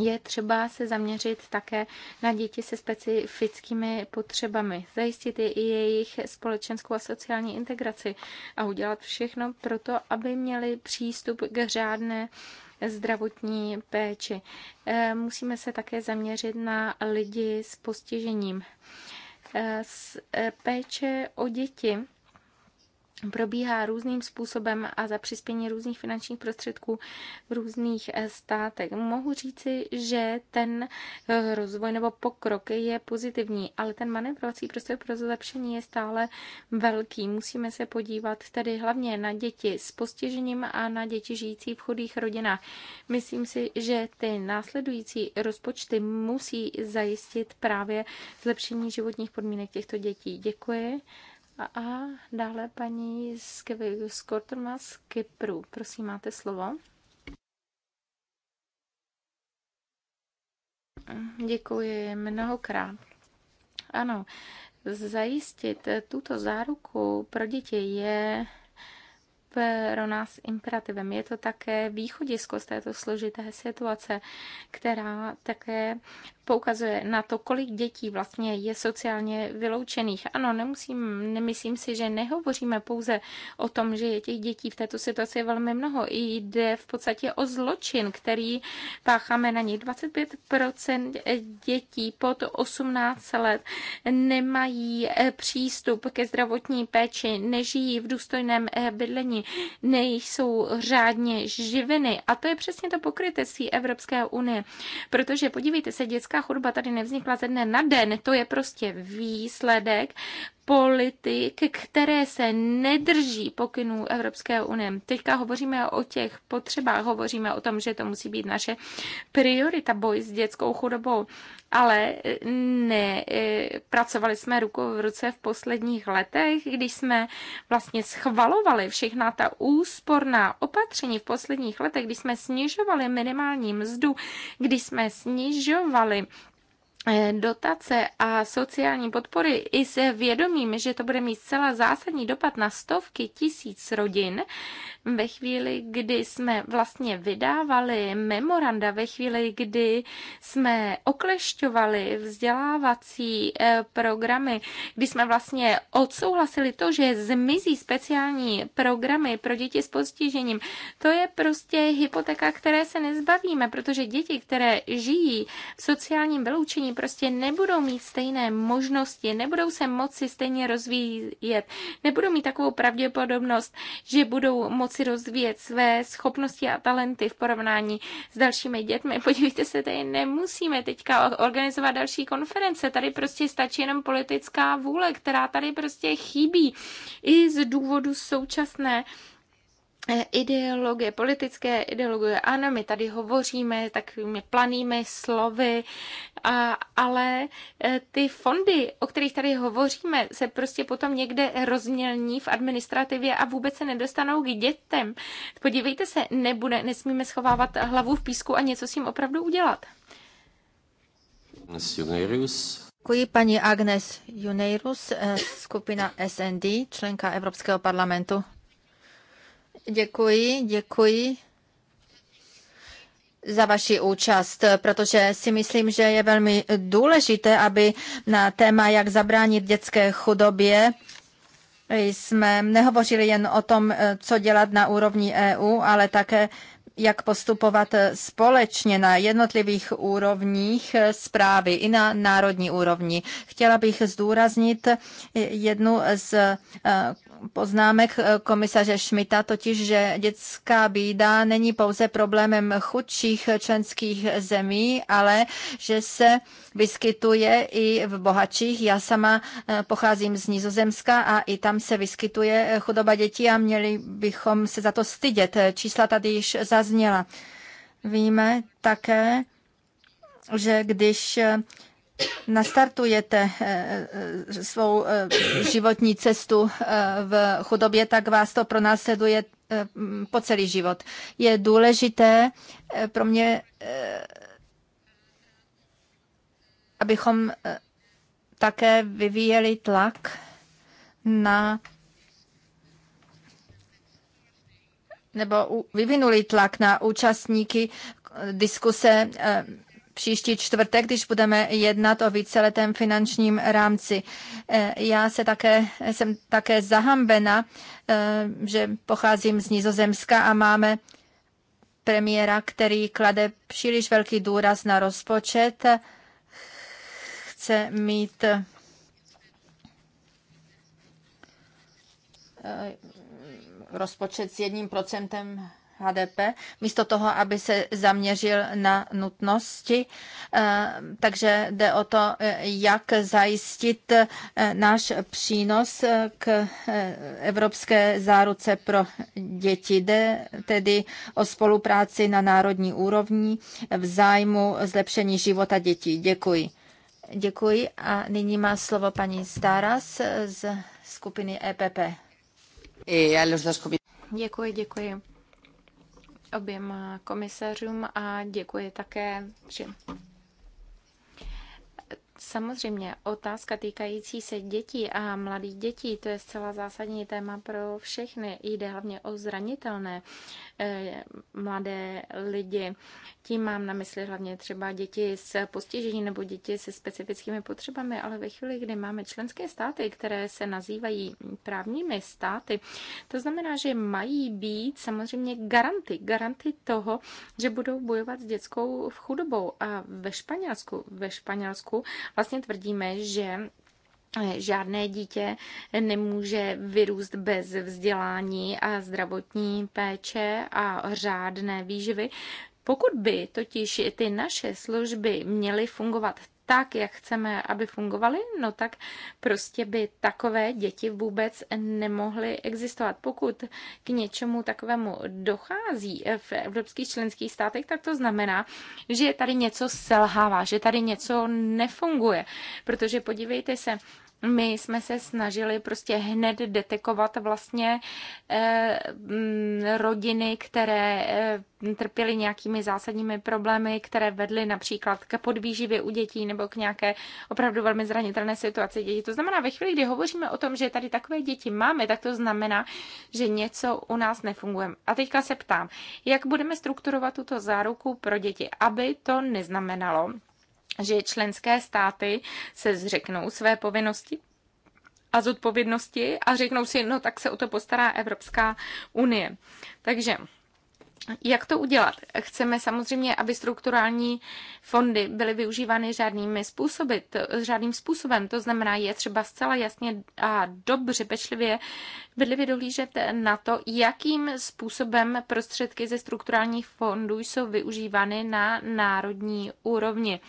je třeba se zaměřit také na děti se specifickými potřebami, zajistit i jejich společenskou a sociální integraci a udělat všechno pro to, aby měli přístup k řádné zdravotní péči. Eh, musíme se také zaměřit na lidi s postižením. Eh, eh, péče o děti probíhá různým způsobem a za přispění různých finančních prostředků v různých eh, státech. Mohu říci, že ten eh, rozvoj nebo pokrok je pozitivní, ale ten manevrovací prostor pro zlepšení je stále velký. Musíme se podívat tedy hlavně na děti s postižením a na děti žijící v chudých rodinách. Myslím si, že ty následující rozpočty musí zajistit právě zlepšení životních podmínek těchto dětí. Děkuji. A, dále paní Skortorma z Kypru. Prosím, máte slovo. Děkuji mnohokrát. Ano, zajistit tuto záruku pro děti je pro nás imperativem. Je to také východisko z této složité situace, která také poukazuje na to, kolik dětí vlastně je sociálně vyloučených. Ano, nemusím, nemyslím si, že nehovoříme pouze o tom, že je těch dětí v této situaci velmi mnoho. Jde v podstatě o zločin, který pácháme na nich. 25% dětí pod 18 let nemají eh, přístup ke zdravotní péči, nežijí v důstojném eh, bydlení, nejsou řádně živiny. A to je přesně to pokrytectví Evropské unie. Protože podívejte se, dětská chudoba tady nevznikla ze dne na den, to je prostě výsledek politik, které se nedrží pokynů Evropské unie. Teďka hovoříme o těch potřebách, hovoříme o tom, že to musí být naše priorita boj s dětskou chudobou, ale eh, ne, eh, pracovali jsme ruku v ruce v posledních letech, když jsme vlastně schvalovali všechna ta úsporná opatření v posledních letech, když jsme snižovali minimální mzdu, když jsme snižovali Eh, dotace a sociální podpory i se vědomím, že to bude mít zcela zásadní dopad na stovky tisíc rodin, ve chvíli, kdy jsme vlastně vydávali memoranda, ve chvíli, kdy jsme oklešťovali vzdělávací eh, programy, kdy jsme vlastně odsouhlasili to, že zmizí speciální programy pro děti s postižením, to je prostě hypotéka, které se nezbavíme, protože děti, které žijí v sociálním vyloučení, prostě nebudou mít stejné možnosti, nebudou se moci stejně rozvíjet, nebudou mít takovou pravděpodobnost, že budou moci si rozvíjet své schopnosti a talenty v porovnání s dalšími dětmi. <laughs> Podívejte se, tady nemusíme teďka organizovat další konference, tady prostě stačí jenom politická vůle, která tady prostě chybí i z důvodu současné ideologie, politické ideologie. Ano, my tady hovoříme takovými planými slovy, a, ale e, ty fondy, o kterých tady hovoříme, se prostě potom někde rozmělní v administrativě a vůbec se nedostanou k dětem. Podívejte se, nebude, nesmíme schovávat hlavu v písku a něco s tím opravdu udělat. Děkuji paní Agnes Juneirus, e, skupina SND, členka Evropského parlamentu. Děkuji, děkuji za vaši účast, protože si myslím, že je velmi důležité, aby na téma, jak zabránit dětské chudobě, jsme nehovořili jen o tom, co dělat na úrovni EU, ale také jak postupovat společně na jednotlivých úrovních zprávy i na národní úrovni. Chtěla bych zdůraznit jednu z poznámek eh, komisaře Šmita, totiž, že dětská bída není pouze problémem chudších členských zemí, ale že se vyskytuje i v bohatších. Já sama eh, pocházím z Nizozemska a i tam se vyskytuje eh, chudoba dětí a měli bychom se za to stydět. Čísla tady již zazněla. Víme také, že když nastartujete eh, eh, svou eh, životní cestu v chudobě, tak vás to pronásleduje po celý život. Je důležité pro mě, abychom také vyvíjeli tlak na nebo vyvinuli tlak na účastníky diskuse příští čtvrtek, když budeme jednat o víceletém finančním rámci. Eh, já se také, jsem také zahambena, eh, že pocházím z Nizozemska a máme premiéra, který klade příliš velký důraz na rozpočet, chce mít eh, rozpočet s jedním procentem HDP, místo toho, aby se zaměřil na nutnosti. Eh, takže jde o to, eh, jak zajistit eh, náš přínos k Evropské záruce pro děti. Jde tedy o spolupráci na národní úrovni v zájmu zlepšení života dětí. Děkuji. Děkuji a nyní má slovo paní Staras z skupiny EPP. Děkuji, děkuji oběma komisařům a děkuji také všem. Samozřejmě, otázka týkající se dětí a mladých dětí, to je zcela zásadní téma pro všechny. Jde hlavně o zranitelné eh, mladé lidi. Tím mám na mysli hlavně třeba děti s postižením nebo děti se specifickými potřebami, ale ve chvíli, kdy máme členské státy, které se nazývají právními státy, to znamená, že mají být samozřejmě garanty, garanty toho, že budou bojovat s dětskou chudobou. A ve Španělsku, ve Španělsku vlastně tvrdíme, že Žádné dítě nemůže vyrůst bez vzdělání a zdravotní péče a řádné výživy, pokud by totiž ty naše služby měly fungovat tak, jak chceme, aby fungovaly, no tak prostě by takové děti vůbec nemohly existovat. Pokud k něčemu takovému dochází v evropských členských státech, tak to znamená, že tady něco selhává, že tady něco nefunguje. Protože podívejte se, my jsme se snažili prostě hned detekovat vlastně eh, mm, rodiny, které eh, trpěly nějakými zásadními problémy, které vedly například k podvýživě u dětí nebo k nějaké opravdu velmi zranitelné situaci dětí. To znamená, ve chvíli, kdy hovoříme o tom, že tady takové děti máme, tak to znamená, že něco u nás nefunguje. A teďka se ptám, jak budeme strukturovat tuto záruku pro děti, aby to neznamenalo, že členské státy se zřeknou své povinnosti a zodpovědnosti a řeknou si, no tak se o to postará Evropská unie. Takže jak to udělat? Chceme samozřejmě, aby strukturální fondy byly využívány řádnými způsoby, to, řádným způsobem. To znamená, je třeba zcela jasně a dobře, pečlivě, bedlivě dohlížet na to, jakým způsobem prostředky ze strukturálních fondů jsou využívány na národní úrovni.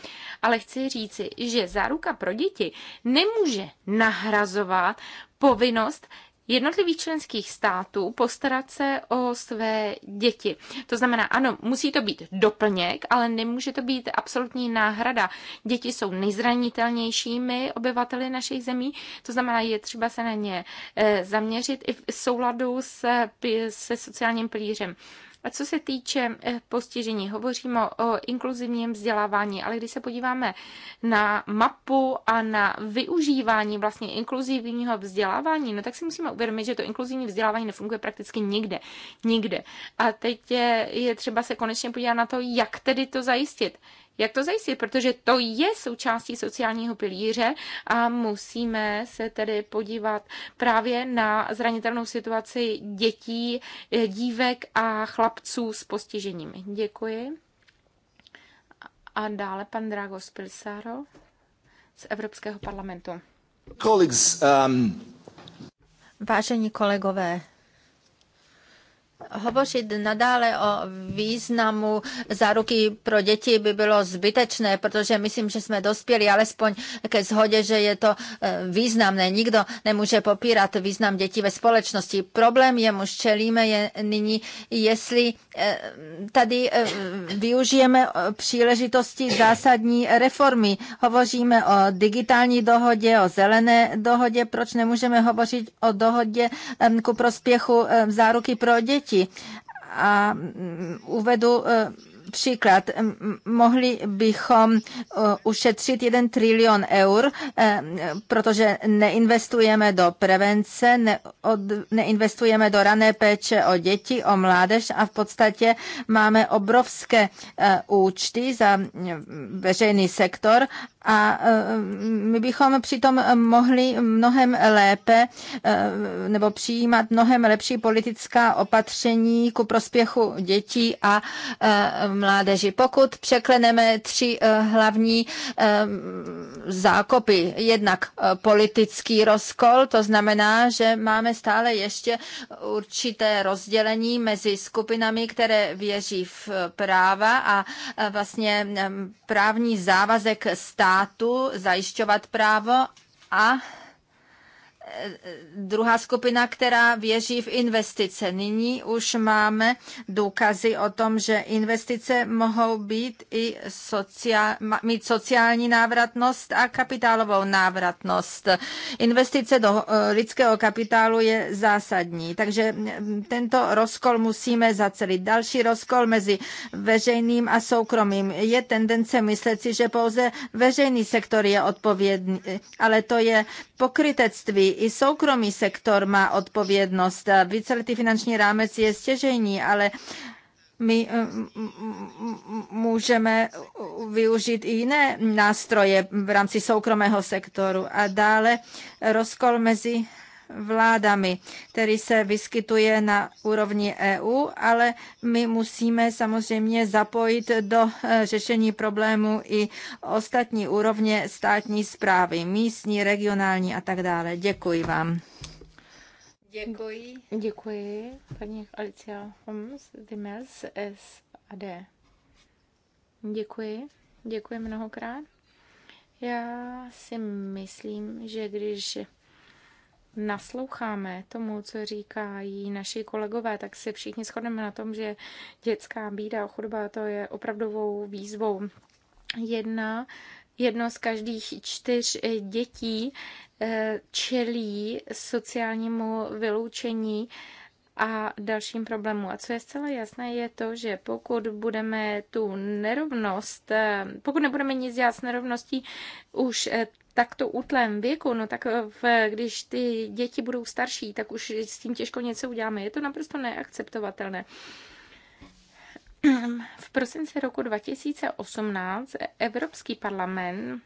Ale chci říci, že záruka pro děti nemůže nahrazovat povinnost jednotlivých členských států postarat se o své děti. To znamená, ano, musí to být doplněk, ale nemůže to být absolutní náhrada. Děti jsou nejzranitelnějšími obyvateli našich zemí, to znamená, je třeba se na ně eh, zaměřit i v souladu se, se sociálním pilířem. A co se týče eh, postižení, hovoříme o inkluzivním vzdělávání, ale když se podíváme na mapu a na využívání vlastně inkluzivního vzdělávání, no tak si musíme uvědomit, že to inkluzivní vzdělávání nefunguje prakticky nikde. Nikde. A teď je, je třeba se konečně podívat na to, jak tedy to zajistit jak to zajistit, protože to je součástí sociálního pilíře a musíme se tedy podívat právě na zranitelnou situaci dětí, dívek a chlapců s postižením. Děkuji. A dále pan Dragos Spilsaro z Evropského parlamentu. Colleagues, um... Vážení kolegové, Hovořit nadále o významu záruky pro děti by bylo zbytečné, protože myslím, že jsme dospěli alespoň ke shodě, že je to eh, významné. Nikdo nemůže popírat význam dětí ve společnosti. Problém, jemuž čelíme, je nyní, jestli eh, tady eh, využijeme příležitosti zásadní reformy. Hovoříme o digitální dohodě, o zelené dohodě. Proč nemůžeme hovořit o dohodě ku prospěchu záruky pro děti? děti. A mm, uvedu eh, Příklad, mohli bychom e, ušetřit 1 trilion eur, e, protože neinvestujeme do prevence, neinvestujeme do rané péče o děti, o mládež a v podstatě máme obrovské e, účty za veřejný sektor a my bychom přitom mohli mnohem lépe nebo přijímat mnohem lepší politická opatření ku prospěchu dětí a mládeži. Pokud překleneme tři eh, hlavní eh, zákopy, jednak eh, politický rozkol, to znamená, že máme stále ještě určité rozdělení mezi skupinami, které věří v práva a vlastně právní závazek státu zajišťovat právo a druhá skupina, která věří v investice. Nyní už máme důkazy o tom, že investice mohou být i sociál, mít sociální návratnost a kapitálovou návratnost. Investice do eh, lidského kapitálu je zásadní, takže mm, tento rozkol musíme zacelit. Další rozkol mezi veřejným a soukromým. Je tendence myslet si, že pouze veřejný sektor je odpovědný, eh, ale to je pokrytectví i soukromý sektor má odpovědnost. Víceletý finanční rámec je stěžení, ale my eh, můžeme využít i jiné nástroje v rámci soukromého sektoru. A dále rozkol mezi vládami, který se vyskytuje na úrovni EU, ale my musíme samozřejmě zapojit do eh, řešení problému i ostatní úrovně státní zprávy, místní, regionální a tak dále. Děkuji vám. Děkuji. Děkuji, paní Alicia Holmes, Dimels, SAD. Děkuji. Děkuji mnohokrát. Já si myslím, že když nasloucháme tomu, co říkají naši kolegové, tak se všichni shodneme na tom, že dětská bída a chudoba to je opravdovou výzvou. Jedna, jedno z každých čtyř eh, dětí eh, čelí sociálnímu vyloučení a dalším problému. A co je zcela jasné, je to, že pokud budeme tu nerovnost, eh, pokud nebudeme nic dělat s nerovností už takto útlém věku, no tak eh, v, když ty děti budou starší, tak už s tím těžko něco uděláme. Je to naprosto neakceptovatelné. V prosinci roku 2018 Evropský parlament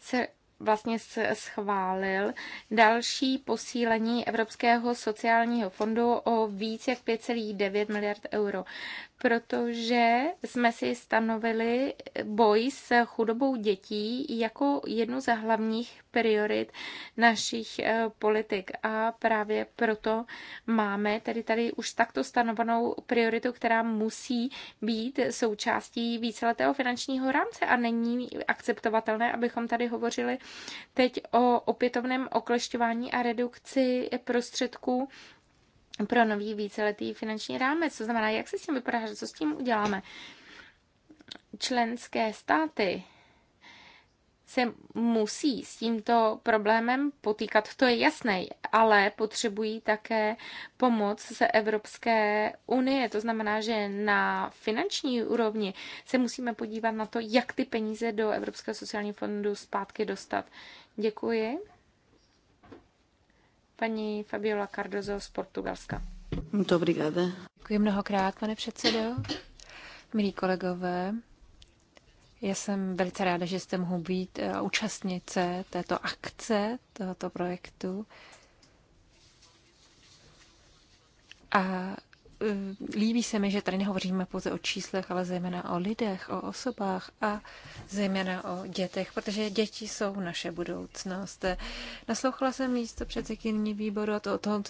se vlastně schválil další posílení Evropského sociálního fondu o víc jak 5,9 miliard euro protože jsme si stanovili boj s chudobou dětí jako jednu z hlavních priorit našich eh, politik. A právě proto máme tedy tady už takto stanovenou prioritu, která musí být součástí víceletého finančního rámce a není akceptovatelné, abychom tady hovořili teď o opětovném oklešťování a redukci prostředků pro nový víceletý finanční rámec. To znamená, jak se s tím vypadá, co s tím uděláme. Členské státy se musí s tímto problémem potýkat, to je jasné, ale potřebují také pomoc ze Evropské unie. To znamená, že na finanční úrovni se musíme podívat na to, jak ty peníze do Evropského sociálního fondu zpátky dostat. Děkuji paní Fabiola Cardozo z Portugalska. Dobrý den. Děkuji mnohokrát, pane předsedo. Milí kolegové, já jsem velice ráda, že jste mohu být eh, účastnice této akce, tohoto projektu. A Eh, líbí se mi, že tady nehovoříme pouze o číslech, ale zejména o lidech, o osobách a zejména o dětech, protože děti jsou naše budoucnost. Naslouchala jsem místo předsedkyní výboru o to, to,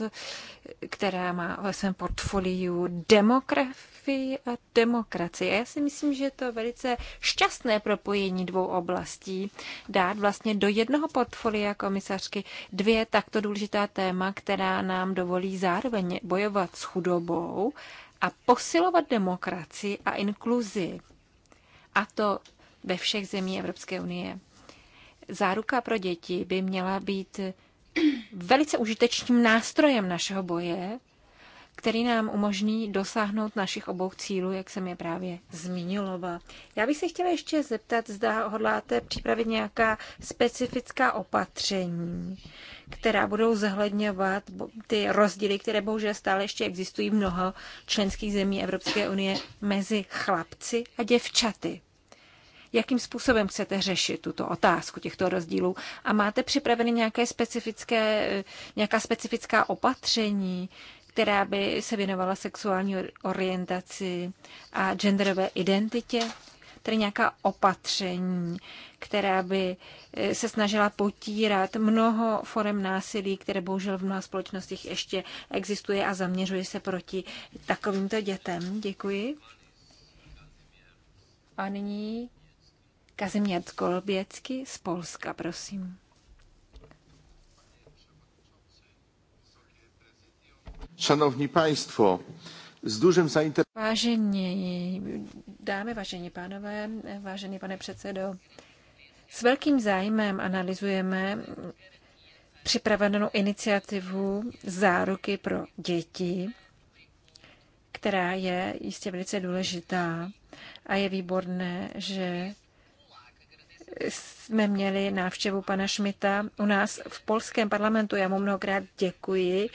která má ve svém portfoliu demografii a demokracie. Já si myslím, že je to velice šťastné propojení dvou oblastí, dát vlastně do jednoho portfolia komisařky dvě takto důležitá téma, která nám dovolí zároveň bojovat s chudobou jsou, a posilovat demokracii a inkluzi. A to ve všech zemí Evropské unie. Záruka pro děti by měla být velice užitečným nástrojem našeho boje který nám umožní dosáhnout našich obou cílů, jak jsem je právě zmínila. Já bych se chtěla ještě zeptat, zda hodláte připravit nějaká specifická opatření, která budou zahledňovat ty rozdíly, které bohužel stále ještě existují v mnoho členských zemí Evropské unie mezi chlapci a děvčaty. Jakým způsobem chcete řešit tuto otázku těchto rozdílů? A máte připraveny nějaké specifické, eh, nějaká specifická opatření, která by se věnovala sexuální orientaci a genderové identitě, tedy nějaká opatření, která by eh, se snažila potírat mnoho forem násilí, které bohužel v mnoha společnostech ještě existuje a zaměřuje se proti takovýmto dětem. Děkuji. A nyní Kazimierz Kolběcky z Polska, prosím. Szanowni Państwo, s dužem Vážení dámy, vážení pánové, vážený pane předsedo, s velkým zájmem analyzujeme připravenou iniciativu záruky pro děti, která je jistě velice důležitá a je výborné, že jsme měli návštěvu pana Šmita u nás v polském parlamentu. Já mu mnohokrát děkuji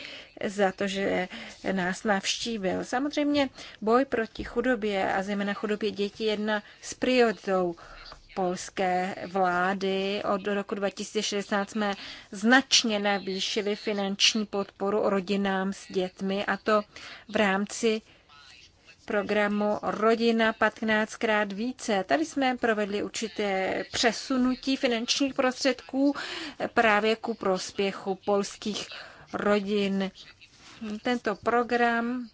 za to, že nás navštívil. Samozřejmě boj proti chudobě a zejména chudobě dětí je jedna z prioritou polské vlády. Od roku 2016 jsme značně navýšili finanční podporu rodinám s dětmi a to v rámci programu Rodina 15krát více. Tady jsme provedli určité přesunutí finančních prostředků právě ku prospěchu polských rodin. Tento program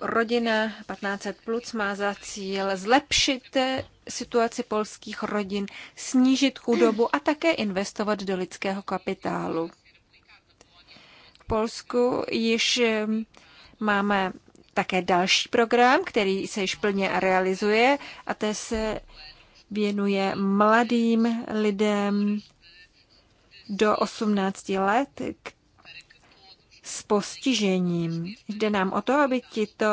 Rodina 15 plus má za cíl zlepšit situaci polských rodin, snížit chudobu a také investovat do lidského kapitálu. V Polsku již Máme také další program, který se již plně realizuje a to se věnuje mladým lidem do 18 let s postižením. Jde nám o to, aby tito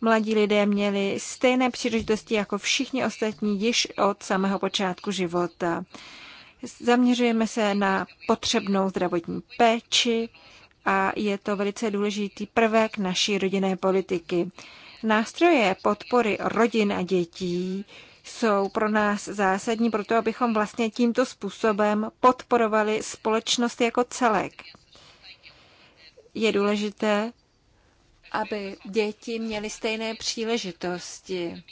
mladí lidé měli stejné příležitosti jako všichni ostatní již od samého počátku života. Zaměřujeme se na potřebnou zdravotní péči, a je to velice důležitý prvek naší rodinné politiky. Nástroje podpory rodin a dětí jsou pro nás zásadní proto, abychom vlastně tímto způsobem podporovali společnost jako celek. Je důležité, aby děti měly stejné příležitosti.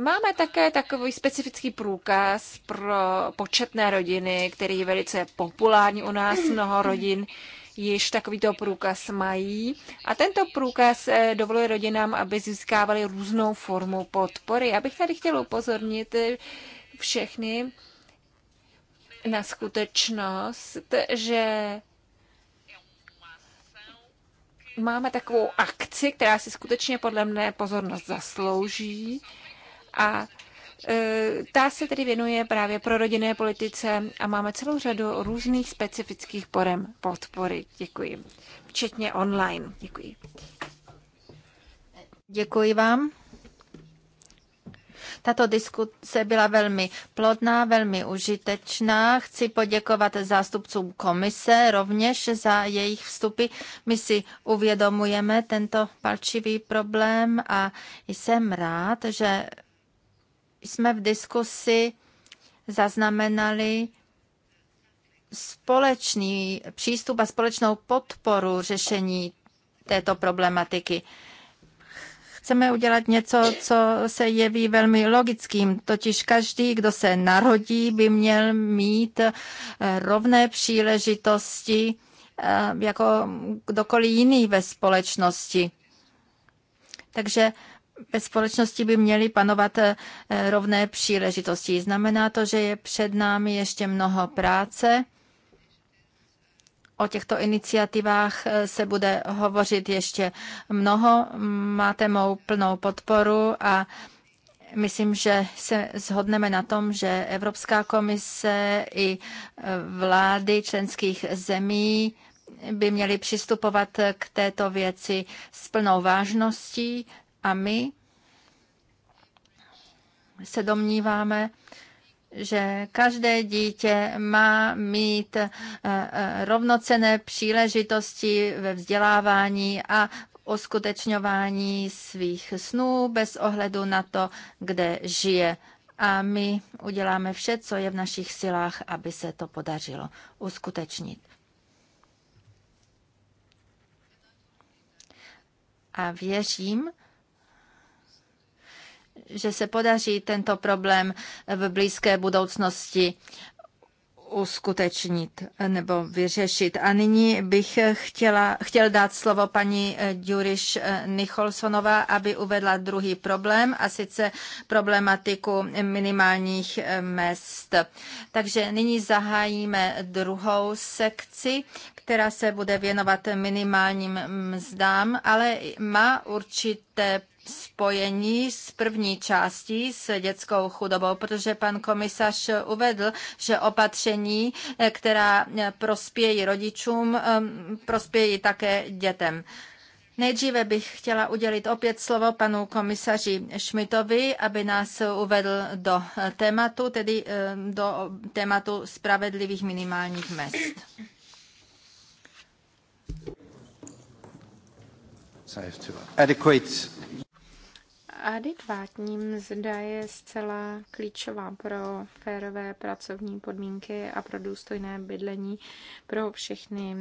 Máme také takový specifický průkaz pro početné rodiny, který je velice populární u nás. Mnoho rodin již takovýto průkaz mají. A tento průkaz eh, dovoluje rodinám, aby získávali různou formu podpory. Já bych tady chtěla upozornit eh, všechny na skutečnost, že máme takovou akci, která si skutečně podle mne pozornost zaslouží. A e, ta se tedy věnuje právě pro rodinné politice a máme celou řadu různých specifických porem podpory. Děkuji. Včetně online. Děkuji. Děkuji vám. Tato diskuse byla velmi plodná, velmi užitečná. Chci poděkovat zástupcům komise rovněž za jejich vstupy. My si uvědomujeme tento palčivý problém a jsem rád, že jsme v diskusi zaznamenali společný přístup a společnou podporu řešení této problematiky. Chceme udělat něco, co se jeví velmi logickým, totiž každý, kdo se narodí, by měl mít eh, rovné příležitosti eh, jako kdokoliv jiný ve společnosti. Takže ve společnosti by měly panovat eh, rovné příležitosti. Znamená to, že je před námi ještě mnoho práce. O těchto iniciativách eh, se bude hovořit ještě mnoho. Máte mou plnou podporu a myslím, že se shodneme na tom, že Evropská komise i eh, vlády členských zemí by měly přistupovat k této věci s plnou vážností, a my se domníváme, že každé dítě má mít eh, eh, rovnocené příležitosti ve vzdělávání a oskutečňování svých snů bez ohledu na to, kde žije. A my uděláme vše, co je v našich silách, aby se to podařilo uskutečnit. A věřím, že se podaří tento problém v blízké budoucnosti uskutečnit nebo vyřešit. A nyní bych chtěla, chtěl dát slovo paní Duriš Nicholsonová, aby uvedla druhý problém, a sice problematiku minimálních mest. Takže nyní zahájíme druhou sekci, která se bude věnovat minimálním mzdám, ale má určité spojení s první částí s dětskou chudobou, protože pan komisař uvedl, že opatření, eh, která eh, prospějí rodičům, ehm, prospějí také dětem. Nejdříve bych chtěla udělit opět slovo panu komisaři Šmitovi, aby nás uvedl do eh, tématu, tedy do tématu spravedlivých minimálních mest adekvátní mzda je zcela klíčová pro férové pracovní podmínky a pro důstojné bydlení pro všechny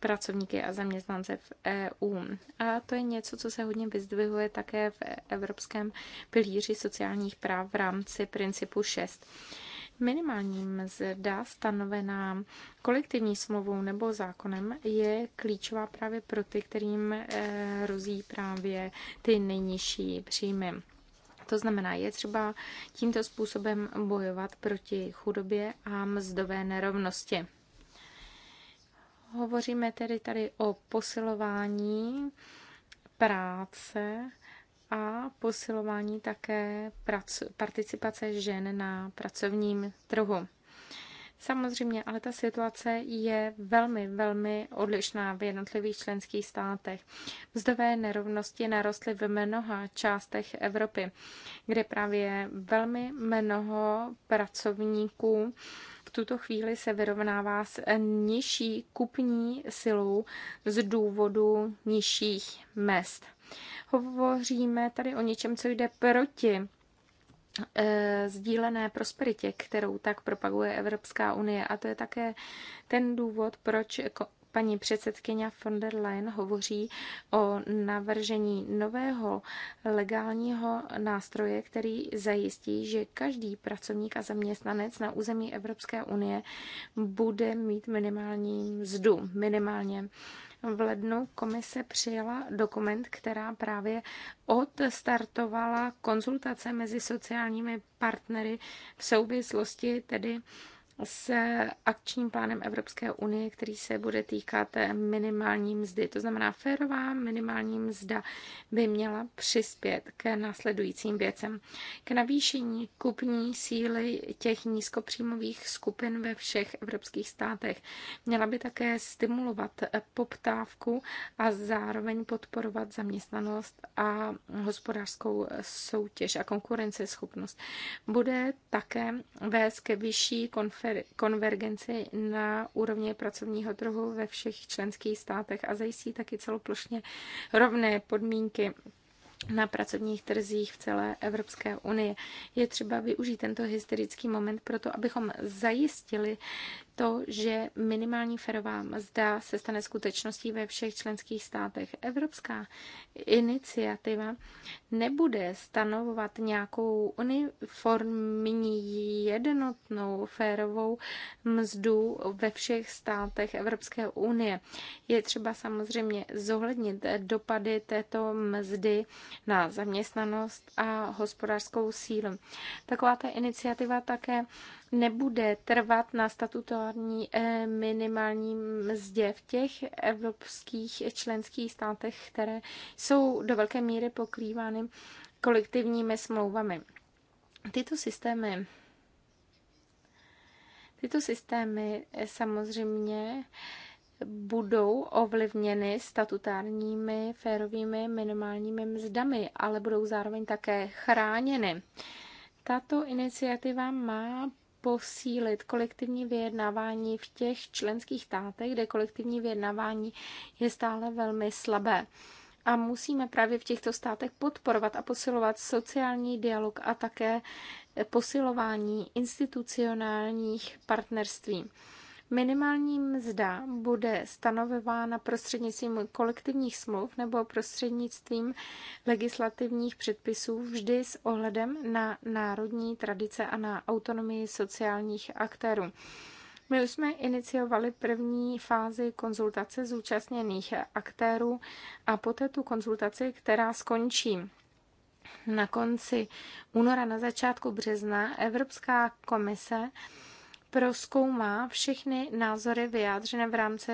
pracovníky a zaměstnance v EU. A to je něco, co se hodně vyzdvihuje také v Evropském pilíři sociálních práv v rámci principu 6. Minimální mzda stanovená kolektivní smlouvou nebo zákonem je klíčová právě pro ty, kterým eh, hrozí právě ty nejnižší příjmy. To znamená, je třeba tímto způsobem bojovat proti chudobě a mzdové nerovnosti. Hovoříme tedy tady o posilování práce a posilování také participace žen na pracovním trhu. Samozřejmě, ale ta situace je velmi, velmi odlišná v jednotlivých členských státech. Mzdové nerovnosti narostly v mnoha částech Evropy, kde právě velmi mnoho pracovníků v tuto chvíli se vyrovnává s nižší kupní silou z důvodu nižších mest. Hovoříme tady o něčem, co jde proti eh, sdílené prosperitě, kterou tak propaguje Evropská unie. A to je také ten důvod, proč paní předsedkyně von der Leyen hovoří o navržení nového legálního nástroje, který zajistí, že každý pracovník a zaměstnanec na území Evropské unie bude mít minimální mzdu, minimálně v lednu komise přijela dokument, která právě odstartovala konzultace mezi sociálními partnery v souvislosti tedy s akčním plánem Evropské unie, který se bude týkat minimální mzdy. To znamená, férová minimální mzda by měla přispět k následujícím věcem. K navýšení kupní síly těch nízkopříjmových skupin ve všech evropských státech. Měla by také stimulovat poptávku a zároveň podporovat zaměstnanost a hospodářskou soutěž a konkurenceschopnost. Bude také vést ke vyšší konferenci konvergenci na úrovni pracovního trhu ve všech členských státech a zajistí taky celoplošně rovné podmínky na pracovních trzích v celé Evropské unii. Je třeba využít tento historický moment proto, abychom zajistili to, že minimální ferová mzda se stane skutečností ve všech členských státech. Evropská iniciativa nebude stanovovat nějakou uniformní jednotnou férovou mzdu ve všech státech Evropské unie. Je třeba samozřejmě zohlednit dopady této mzdy na zaměstnanost a hospodářskou sílu. Taková ta iniciativa také nebude trvat na statutární eh, minimální mzdě v těch evropských členských státech, které jsou do velké míry pokrývány kolektivními smlouvami. Tyto systémy Tyto systémy eh, samozřejmě budou ovlivněny statutárními férovými minimálními mzdami, ale budou zároveň také chráněny. Tato iniciativa má posílit kolektivní vyjednávání v těch členských státech, kde kolektivní vyjednávání je stále velmi slabé. A musíme právě v těchto státech podporovat a posilovat sociální dialog a také posilování institucionálních partnerství. Minimální mzda bude stanovována prostřednictvím kolektivních smluv nebo prostřednictvím legislativních předpisů vždy s ohledem na národní tradice a na autonomii sociálních aktérů. My už jsme iniciovali první fázi konzultace zúčastněných aktérů a poté tu konzultaci, která skončí na konci února, na začátku března, Evropská komise proskoumá všechny názory vyjádřené v rámci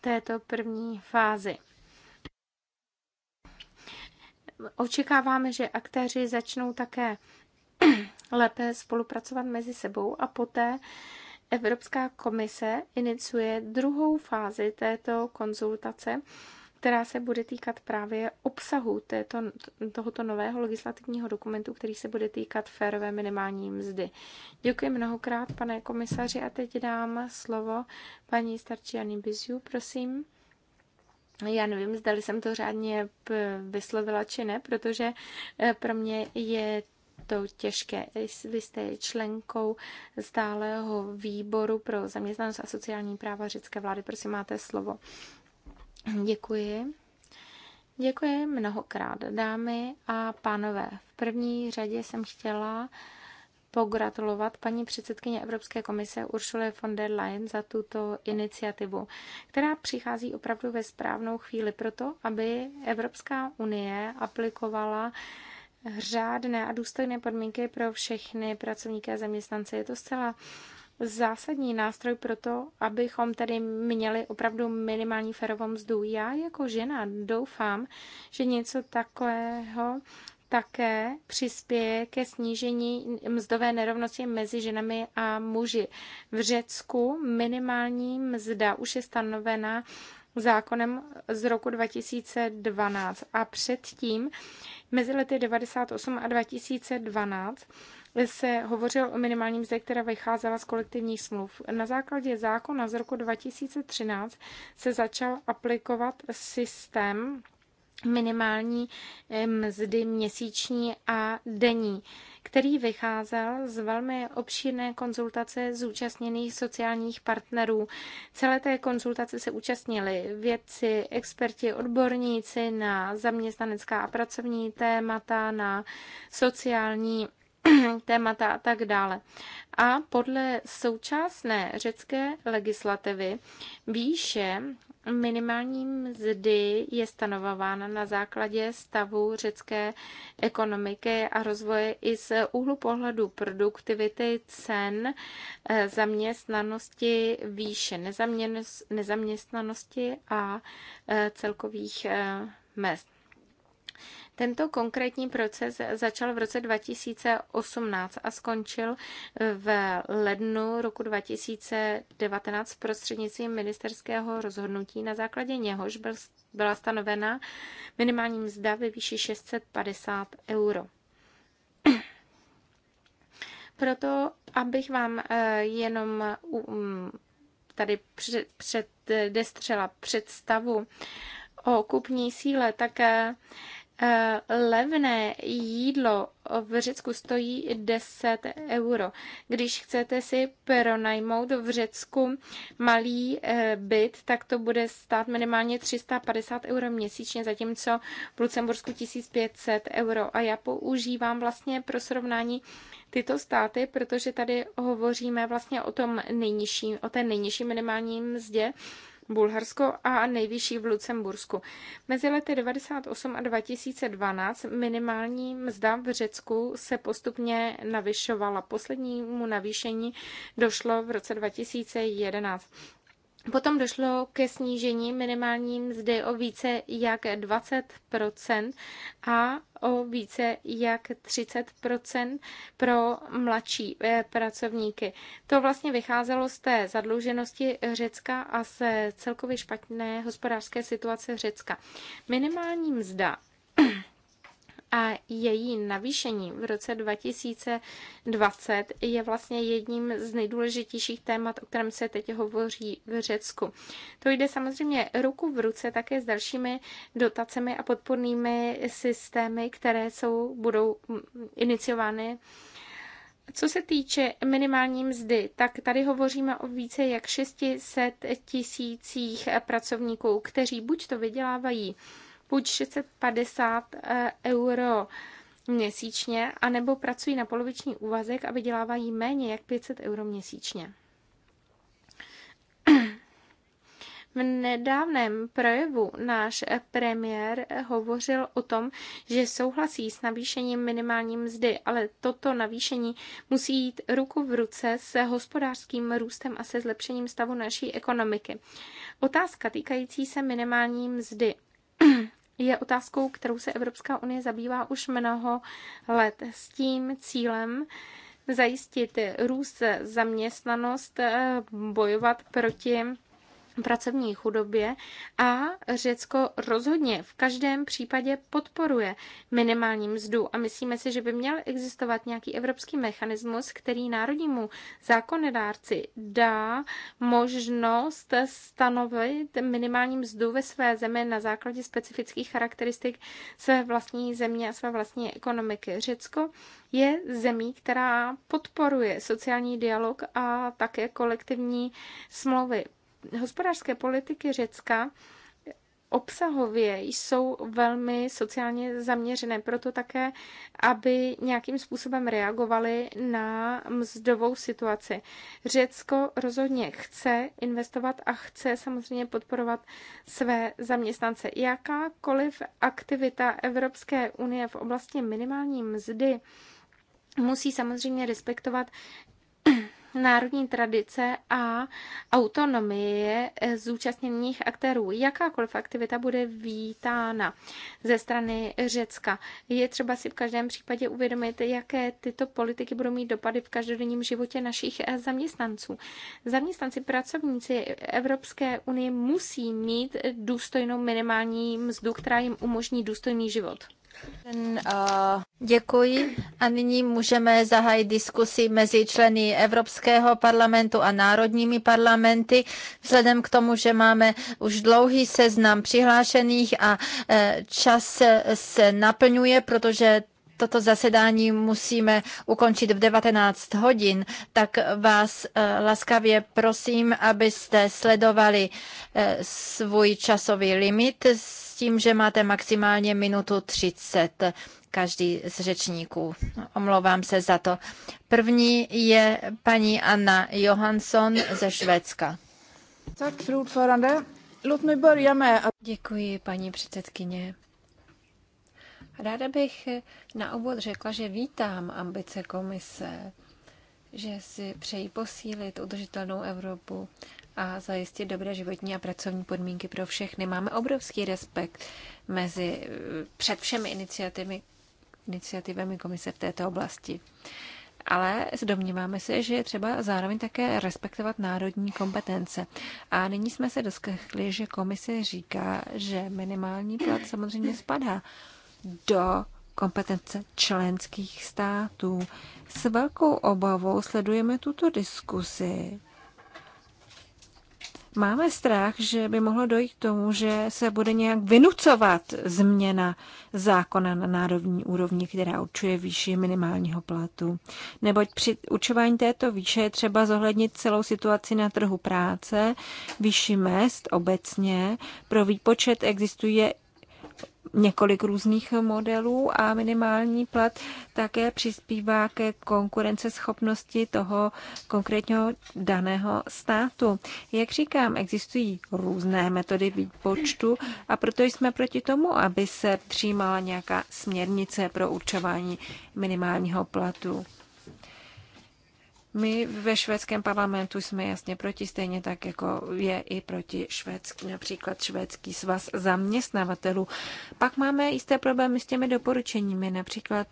této první fázy. Očekáváme, že aktéři začnou také <clears throat> lépe spolupracovat mezi sebou a poté Evropská komise iniciuje druhou fázi této konzultace, která se bude týkat právě obsahu této, tohoto nového legislativního dokumentu, který se bude týkat férové minimální mzdy. Děkuji mnohokrát, pane komisaři, a teď dám slovo paní starší Jany Biziu, prosím. Já nevím, zda jsem to řádně vyslovila či ne, protože eh, pro mě je to těžké. Vy jste členkou stáleho výboru pro zaměstnanost a sociální práva řecké vlády. Prosím, máte slovo. Děkuji. Děkuji mnohokrát, dámy a pánové. V první řadě jsem chtěla pogratulovat paní předsedkyně Evropské komise Ursule von der Leyen za tuto iniciativu, která přichází opravdu ve správnou chvíli proto, aby Evropská unie aplikovala řádné a důstojné podmínky pro všechny pracovníky a zaměstnance. Je to zcela zásadní nástroj pro to, abychom tedy měli opravdu minimální ferovou mzdu. Já jako žena doufám, že něco takového také přispěje ke snížení mzdové nerovnosti mezi ženami a muži. V Řecku minimální mzda už je stanovena zákonem z roku 2012 a předtím mezi lety 1998 a 2012 se hovořil o minimálním mzdě, která vycházela z kolektivních smluv. Na základě zákona z roku 2013 se začal aplikovat systém minimální eh, mzdy měsíční a denní, který vycházel z velmi obšírné konzultace zúčastněných sociálních partnerů. Celé té konzultace se účastnili vědci, experti, odborníci na zaměstnanecká a pracovní témata, na sociální <clears throat> témata a tak dále. A podle současné řecké legislativy výše minimální mzdy je stanovována na základě stavu řecké ekonomiky a rozvoje i z úhlu pohledu produktivity, cen, eh, zaměstnanosti, výše nezaměstnanosti a eh, celkových eh, mest. Tento konkrétní proces začal v roce 2018 a skončil v lednu roku 2019 prostřednictvím ministerského rozhodnutí, na základě něhož byla stanovena minimální mzda ve výši 650 euro. <clears throat> Proto, abych vám eh, jenom um, tady předestřela eh, představu o kupní síle, také eh, Eh, levné jídlo v Řecku stojí 10 euro. Když chcete si pronajmout v Řecku malý eh, byt, tak to bude stát minimálně 350 euro měsíčně, zatímco v Lucembursku 1500 euro. A já používám vlastně pro srovnání tyto státy, protože tady hovoříme vlastně o tom nejnižší, o té nejnižší minimální mzdě, Bulharsko a nejvyšší v Lucembursku. Mezi lety 1998 a 2012 minimální mzda v Řecku se postupně navyšovala. Poslednímu navýšení došlo v roce 2011. Potom došlo ke snížení minimální mzdy o více jak 20 a o více jak 30 pro mladší eh, pracovníky. To vlastně vycházelo z té zadluženosti Řecka a z celkově špatné hospodářské situace Řecka. Minimální mzda a její navýšení v roce 2020 je vlastně jedním z nejdůležitějších témat, o kterém se teď hovoří v Řecku. To jde samozřejmě ruku v ruce také s dalšími dotacemi a podpornými systémy, které jsou, budou iniciovány co se týče minimální mzdy, tak tady hovoříme o více jak 600 tisících pracovníků, kteří buď to vydělávají buď 650 eh, euro měsíčně, anebo pracují na poloviční úvazek a vydělávají méně jak 500 euro měsíčně. V nedávném projevu náš premiér hovořil o tom, že souhlasí s navýšením minimální mzdy, ale toto navýšení musí jít ruku v ruce s hospodářským růstem a se zlepšením stavu naší ekonomiky. Otázka týkající se minimální mzdy je otázkou, kterou se Evropská unie zabývá už mnoho let s tím cílem, zajistit růst zaměstnanost, bojovat proti pracovní chudobě a Řecko rozhodně v každém případě podporuje minimální mzdu a myslíme si, že by měl existovat nějaký evropský mechanismus, který národnímu zákonodárci dá možnost stanovit minimální mzdu ve své zemi na základě specifických charakteristik své vlastní země a své vlastní ekonomiky. Řecko je zemí, která podporuje sociální dialog a také kolektivní smlouvy hospodářské politiky Řecka obsahově jsou velmi sociálně zaměřené, proto také, aby nějakým způsobem reagovali na mzdovou situaci. Řecko rozhodně chce investovat a chce samozřejmě podporovat své zaměstnance. Jakákoliv aktivita Evropské unie v oblasti minimální mzdy musí samozřejmě respektovat národní tradice a autonomie zúčastněných aktérů. Jakákoliv aktivita bude vítána ze strany Řecka. Je třeba si v každém případě uvědomit, jaké tyto politiky budou mít dopady v každodenním životě našich zaměstnanců. Zaměstnanci, pracovníci Evropské unie musí mít důstojnou minimální mzdu, která jim umožní důstojný život. Eh, Děkuji a nyní můžeme zahájit diskusi mezi členy Evropské Evropského parlamentu a národními parlamenty, vzhledem k tomu, že máme už dlouhý seznam přihlášených a e, čas se naplňuje, protože toto zasedání musíme ukončit v 19 hodin, tak vás e, laskavě prosím, abyste sledovali e, svůj časový limit s tím, že máte maximálně minutu 30 každý z řečníků. Omlouvám se za to. První je paní Anna Johansson ze Švédska. Tak, fru Děkuji, paní předsedkyně. Ráda bych na úvod řekla, že vítám ambice komise, že si přejí posílit udržitelnou Evropu a zajistit dobré životní a pracovní podmínky pro všechny. Máme obrovský respekt mezi, eh, před všemi iniciativy, iniciativami komise v této oblasti. Ale domníváme se, že je třeba zároveň také respektovat národní kompetence. A nyní jsme se doskechli, že komise říká, že minimální plat samozřejmě spadá do kompetence členských států. S velkou obavou sledujeme tuto diskusi Máme strach, že by mohlo dojít k tomu, že se bude nějak vynucovat změna zákona na národní úrovni, která určuje výši minimálního platu. Neboť při určování této výše je třeba zohlednit celou situaci na trhu práce, výši mest obecně. Pro výpočet existuje několik různých modelů a minimální plat také přispívá ke konkurenceschopnosti toho konkrétního daného státu. Jak říkám, existují různé metody výpočtu a proto jsme proti tomu, aby se přijímala nějaká směrnice pro určování minimálního platu. My ve švédském parlamentu jsme jasně proti, stejně tak jako je i proti švédský, například švédský svaz zaměstnavatelů. Pak máme jisté problémy s těmi doporučeními, například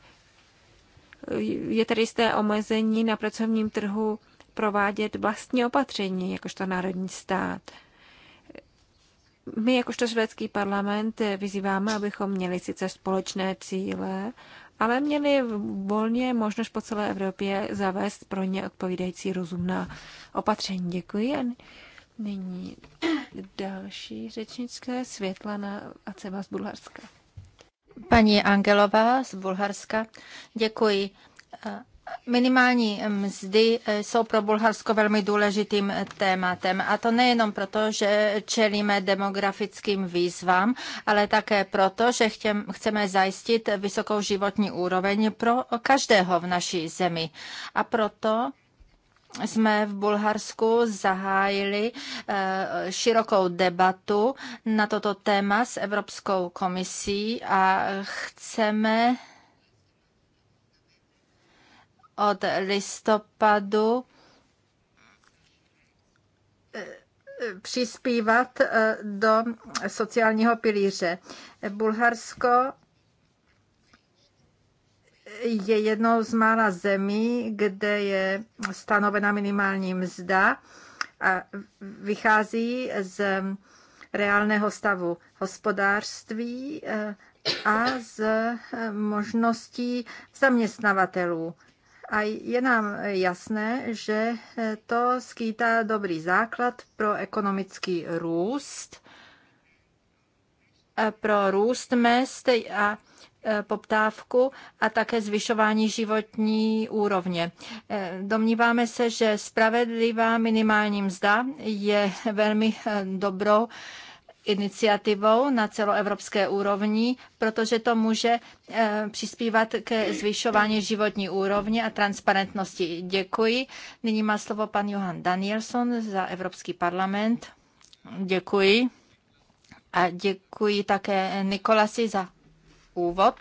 eh, je tady jisté omezení na pracovním trhu provádět vlastní opatření, jakožto národní stát. My, jakožto švédský parlament, eh, vyzýváme, abychom měli sice společné cíle, ale měli volně možnost po celé Evropě zavést pro ně odpovídající rozumná opatření. Děkuji. A nyní další řečnické Světlana Aceva z Bulharska. Paní Angelová z Bulharska, děkuji. Minimální eh, mzdy eh, jsou pro Bulharsko velmi důležitým eh, tématem a to nejenom proto, že čelíme demografickým výzvám, ale také proto, že chtěm, chceme zajistit vysokou životní úroveň pro každého v naší zemi. A proto jsme v Bulharsku zahájili širokou debatu na toto téma s Evropskou komisí a chceme od listopadu eh, přispívat eh, do sociálního pilíře. Bulharsko je jednou z mála zemí, kde je stanovena minimální mzda a vychází z reálného stavu hospodářství eh, a z možností zaměstnavatelů. A je nám jasné, že to skýtá dobrý základ pro ekonomický růst, eh, pro růst mest a eh, poptávku a také zvyšování životní úrovně. Eh, domníváme se, že spravedlivá minimální mzda je velmi dobrou iniciativou na celoevropské úrovni, protože to může eh, přispívat ke zvyšování životní úrovně a transparentnosti. Děkuji. Nyní má slovo pan Johan Danielson za Evropský parlament. Děkuji. A děkuji také Nikolasi za úvod.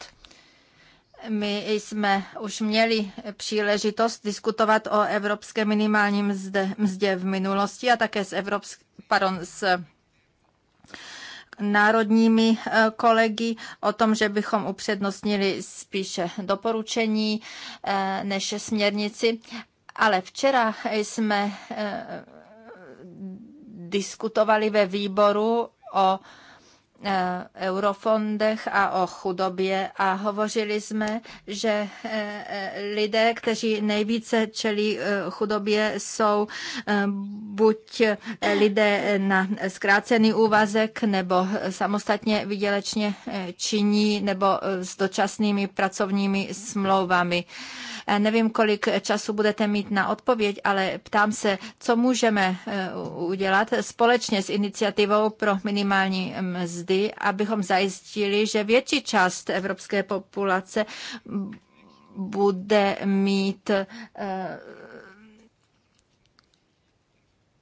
My jsme už měli příležitost diskutovat o evropské minimálním mzdě, mzdě v minulosti a také s, evropsk, pardon, s národními eh, kolegy o tom, že bychom upřednostnili spíše doporučení eh, než směrnici. Ale včera jsme eh, diskutovali ve výboru o Eh, eurofondech a o chudobě a hovořili jsme, že eh, eh, lidé, kteří nejvíce čelí chudobě, jsou buď lidé na zkrácený úvazek nebo samostatně vydělečně činí nebo s dočasnými pracovními smlouvami. Eh, nevím, kolik času budete mít na odpověď, ale ptám se, co můžeme eh, udělat společně s iniciativou pro minimální mzdy, abychom zajistili, že větší část evropské populace bude mít eh,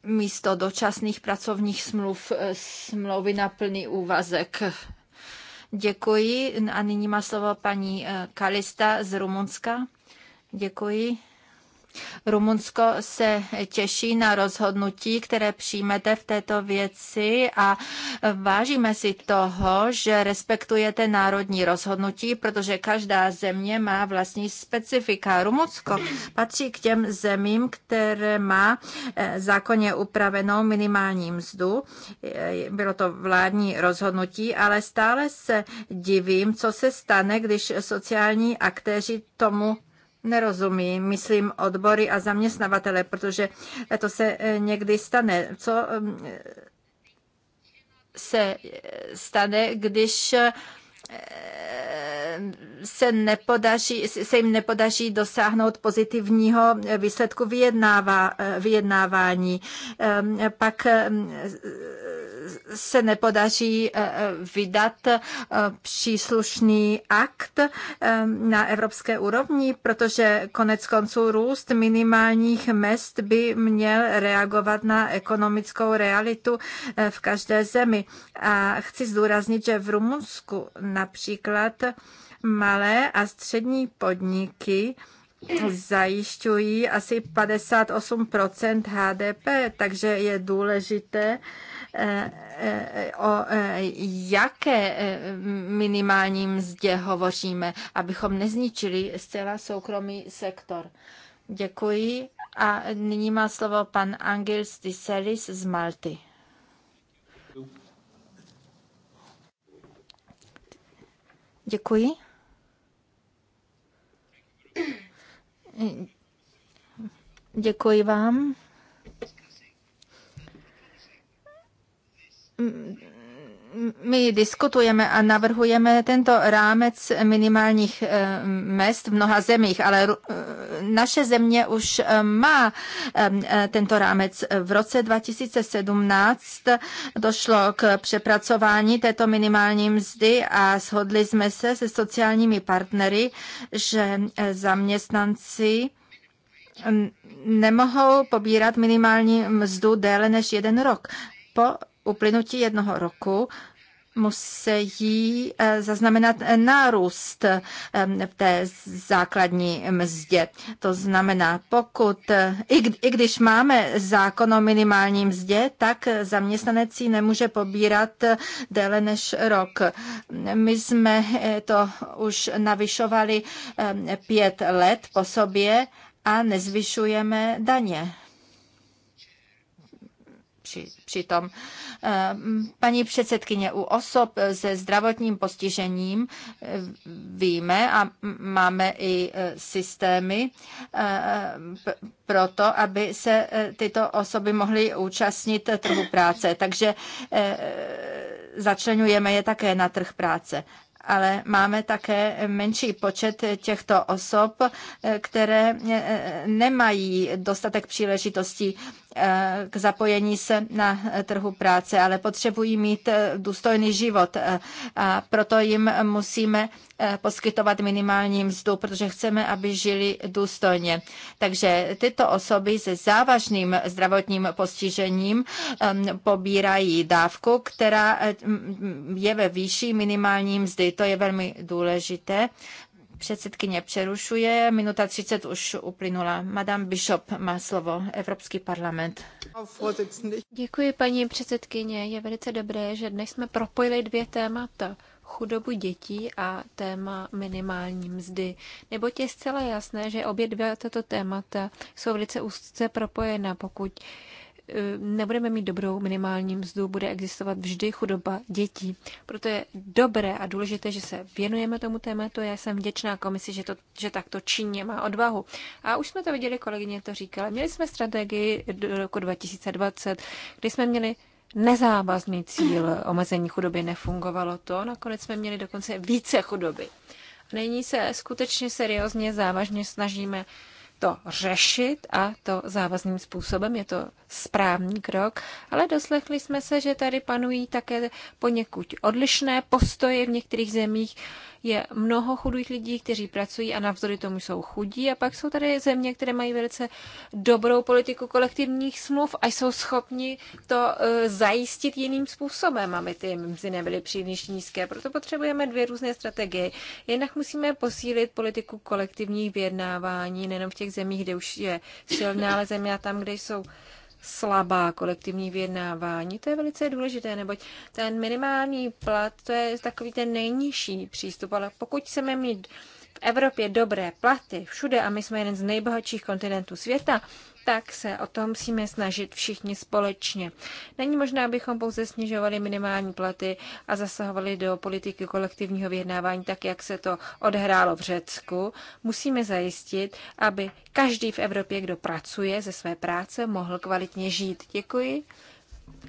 místo dočasných pracovních smluv smlouvy na plný úvazek. Děkuji a nyní má slovo paní Kalista z Rumunska. Děkuji. Rumunsko se těší na rozhodnutí, které přijmete v této věci a vážíme si toho, že respektujete národní rozhodnutí, protože každá země má vlastní specifika. Rumunsko patří k těm zemím, které má eh, zákonně upravenou minimální mzdu. Eh, bylo to vládní rozhodnutí, ale stále se divím, co se stane, když sociální aktéři tomu nerozumí, myslím odbory a zaměstnavatele, protože to se eh, někdy stane. Co eh, se eh, stane, když se, nepodaří, se jim nepodaří dosáhnout pozitivního výsledku vyjednává, vyjednávání. Ehm, pak ehm, se nepodaří eh, eh, vydat eh, příslušný akt na evropské úrovni, protože konec konců růst minimálních mest by měl reagovat na ekonomickou realitu v každé zemi. A chci zdůraznit, že v Rumunsku například malé a střední podniky zajišťují asi 58 HDP, takže je důležité, o e, jaké e, minimální mzdě hovoříme, abychom nezničili zcela soukromý sektor. Děkuji a nyní má slovo pan Angel Stiselis z Malty. Děkuji. Děkuji vám. my diskutujeme a navrhujeme tento rámec minimálních eh, mest v mnoha zemích, ale eh, naše země už eh, má tento rámec. V roce 2017 došlo k přepracování této minimální mzdy a shodli jsme se se sociálními partnery, že zaměstnanci nemohou pobírat minimální mzdu déle než jeden rok po uplynutí jednoho roku musí eh, zaznamenat eh, nárůst eh, v té základní mzdě. To znamená, pokud, i když máme zákon o minimální mzdě, tak zaměstnanec ji nemůže pobírat déle než rok. My jsme to už navyšovali pět let po sobě a nezvyšujeme daně při, přitom. Ehm, paní předsedkyně, u osob se zdravotním postižením ehm, víme a máme i e, systémy ehm, pro to, aby se e, tyto osoby mohly účastnit trhu práce. Takže e, začlenujeme je také na trh práce ale máme také menší počet těchto osob, které nemají dostatek příležitostí Eh, k zapojení se na trhu práce, ale potřebují mít eh, důstojný život eh, a proto jim musíme poskytovat minimální mzdu, protože chceme, aby žili důstojně. Takže tyto osoby se závažným zdravotním postižením ehm, pobírají dávku, která je ve výši minimální mzdy. To je velmi důležité, Předsedkyně přerušuje, minuta 30 už uplynula. Madame Bishop má slovo, Evropský parlament. Děkuji, paní předsedkyně. Je velice dobré, že dnes jsme propojili dvě témata chudobu dětí a téma minimální mzdy. Neboť je zcela jasné, že obě dvě tato témata jsou velice úzce propojena, pokud Eh, nebudeme mít dobrou minimální mzdu, bude existovat vždy chudoba dětí. Proto je dobré a důležité, že se věnujeme tomu tématu. Já jsem vděčná komisi, že, to, že takto činí má odvahu. A už jsme to viděli, kolegyně to říkala. Měli jsme strategii do roku 2020, kdy jsme měli nezávazný cíl omezení chudoby. Nefungovalo to, nakonec jsme měli dokonce více chudoby. Nyní se skutečně seriózně, závažně snažíme to řešit a to závazným způsobem. Je to správný krok, ale doslechli jsme se, že tady panují také poněkud odlišné postoje v některých zemích je mnoho chudých lidí, kteří pracují a navzdory tomu jsou chudí. A pak jsou tady země, které mají velice dobrou politiku kolektivních smluv a jsou schopni to e, zajistit jiným způsobem, aby ty mzdy nebyly příliš nízké. Proto potřebujeme dvě různé strategie. Jednak musíme posílit politiku kolektivních vyjednávání, nejenom v těch zemích, kde už je silná, ale země tam, kde jsou slabá kolektivní vyjednávání. To je velice důležité, neboť ten minimální plat, to je takový ten nejnižší přístup, ale pokud chceme mít v Evropě dobré platy všude a my jsme jeden z nejbohatších kontinentů světa, tak se o to musíme snažit všichni společně. Není možné, abychom pouze snižovali minimální platy a zasahovali do politiky kolektivního vyjednávání, tak jak se to odhrálo v Řecku. Musíme zajistit, aby každý v Evropě, kdo pracuje ze své práce, mohl kvalitně žít. Děkuji.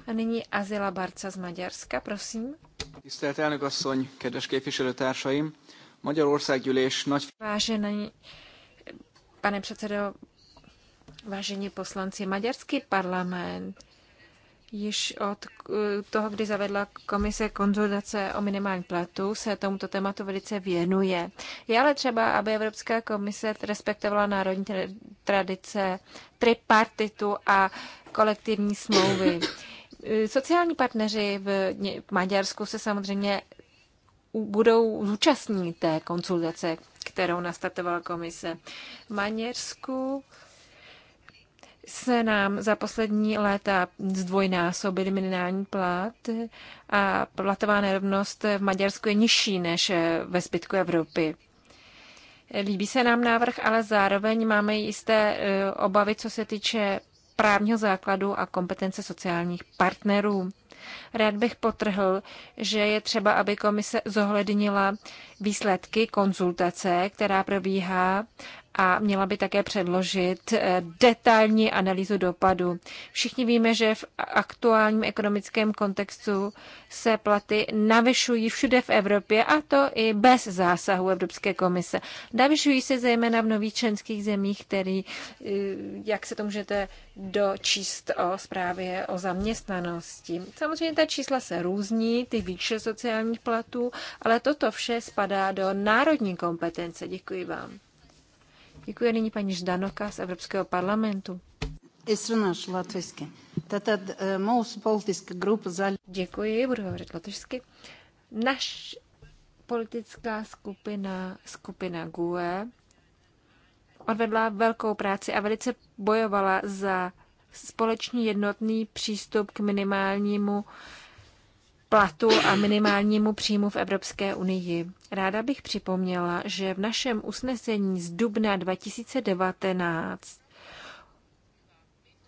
A nyní Azila Barca z Maďarska, prosím. Vážený pane předsedo, Vážení poslanci, maďarský parlament již od eh, toho, kdy zavedla komise konzultace o minimální platu, se tomuto tématu velice věnuje. Je ale třeba, aby Evropská komise respektovala národní tradice, tripartitu a kolektivní smlouvy. Eh, sociální partneři v Maďarsku se samozřejmě budou zúčastnit té konzultace, kterou nastartovala komise. V Maďarsku se nám za poslední léta zdvojnásobil minimální plat a platová nerovnost v Maďarsku je nižší než ve zbytku Evropy. Líbí se nám návrh, ale zároveň máme jisté e, obavy, co se týče právního základu a kompetence sociálních partnerů. Rád bych potrhl, že je třeba, aby komise zohlednila výsledky konzultace, která probíhá a měla by také předložit eh, detailní analýzu dopadu. Všichni víme, že v aktuálním ekonomickém kontextu se platy navyšují všude v Evropě a to i bez zásahu Evropské komise. Navyšují se zejména v nových členských zemích, který, eh, jak se to můžete dočíst o zprávě o zaměstnanosti. Samozřejmě ta čísla se různí, ty výše sociálních platů, ale toto vše spadá do národní kompetence. Děkuji vám. Děkuji nyní paní Ždanoka z Evropského parlamentu. Eh, Děkuji, budu hovořit lotyšsky. Naš politická skupina, skupina GUE, odvedla velkou práci a velice bojovala za společný jednotný přístup k minimálnímu platu a minimálnímu příjmu v Evropské unii. Ráda bych připomněla, že v našem usnesení z dubna 2019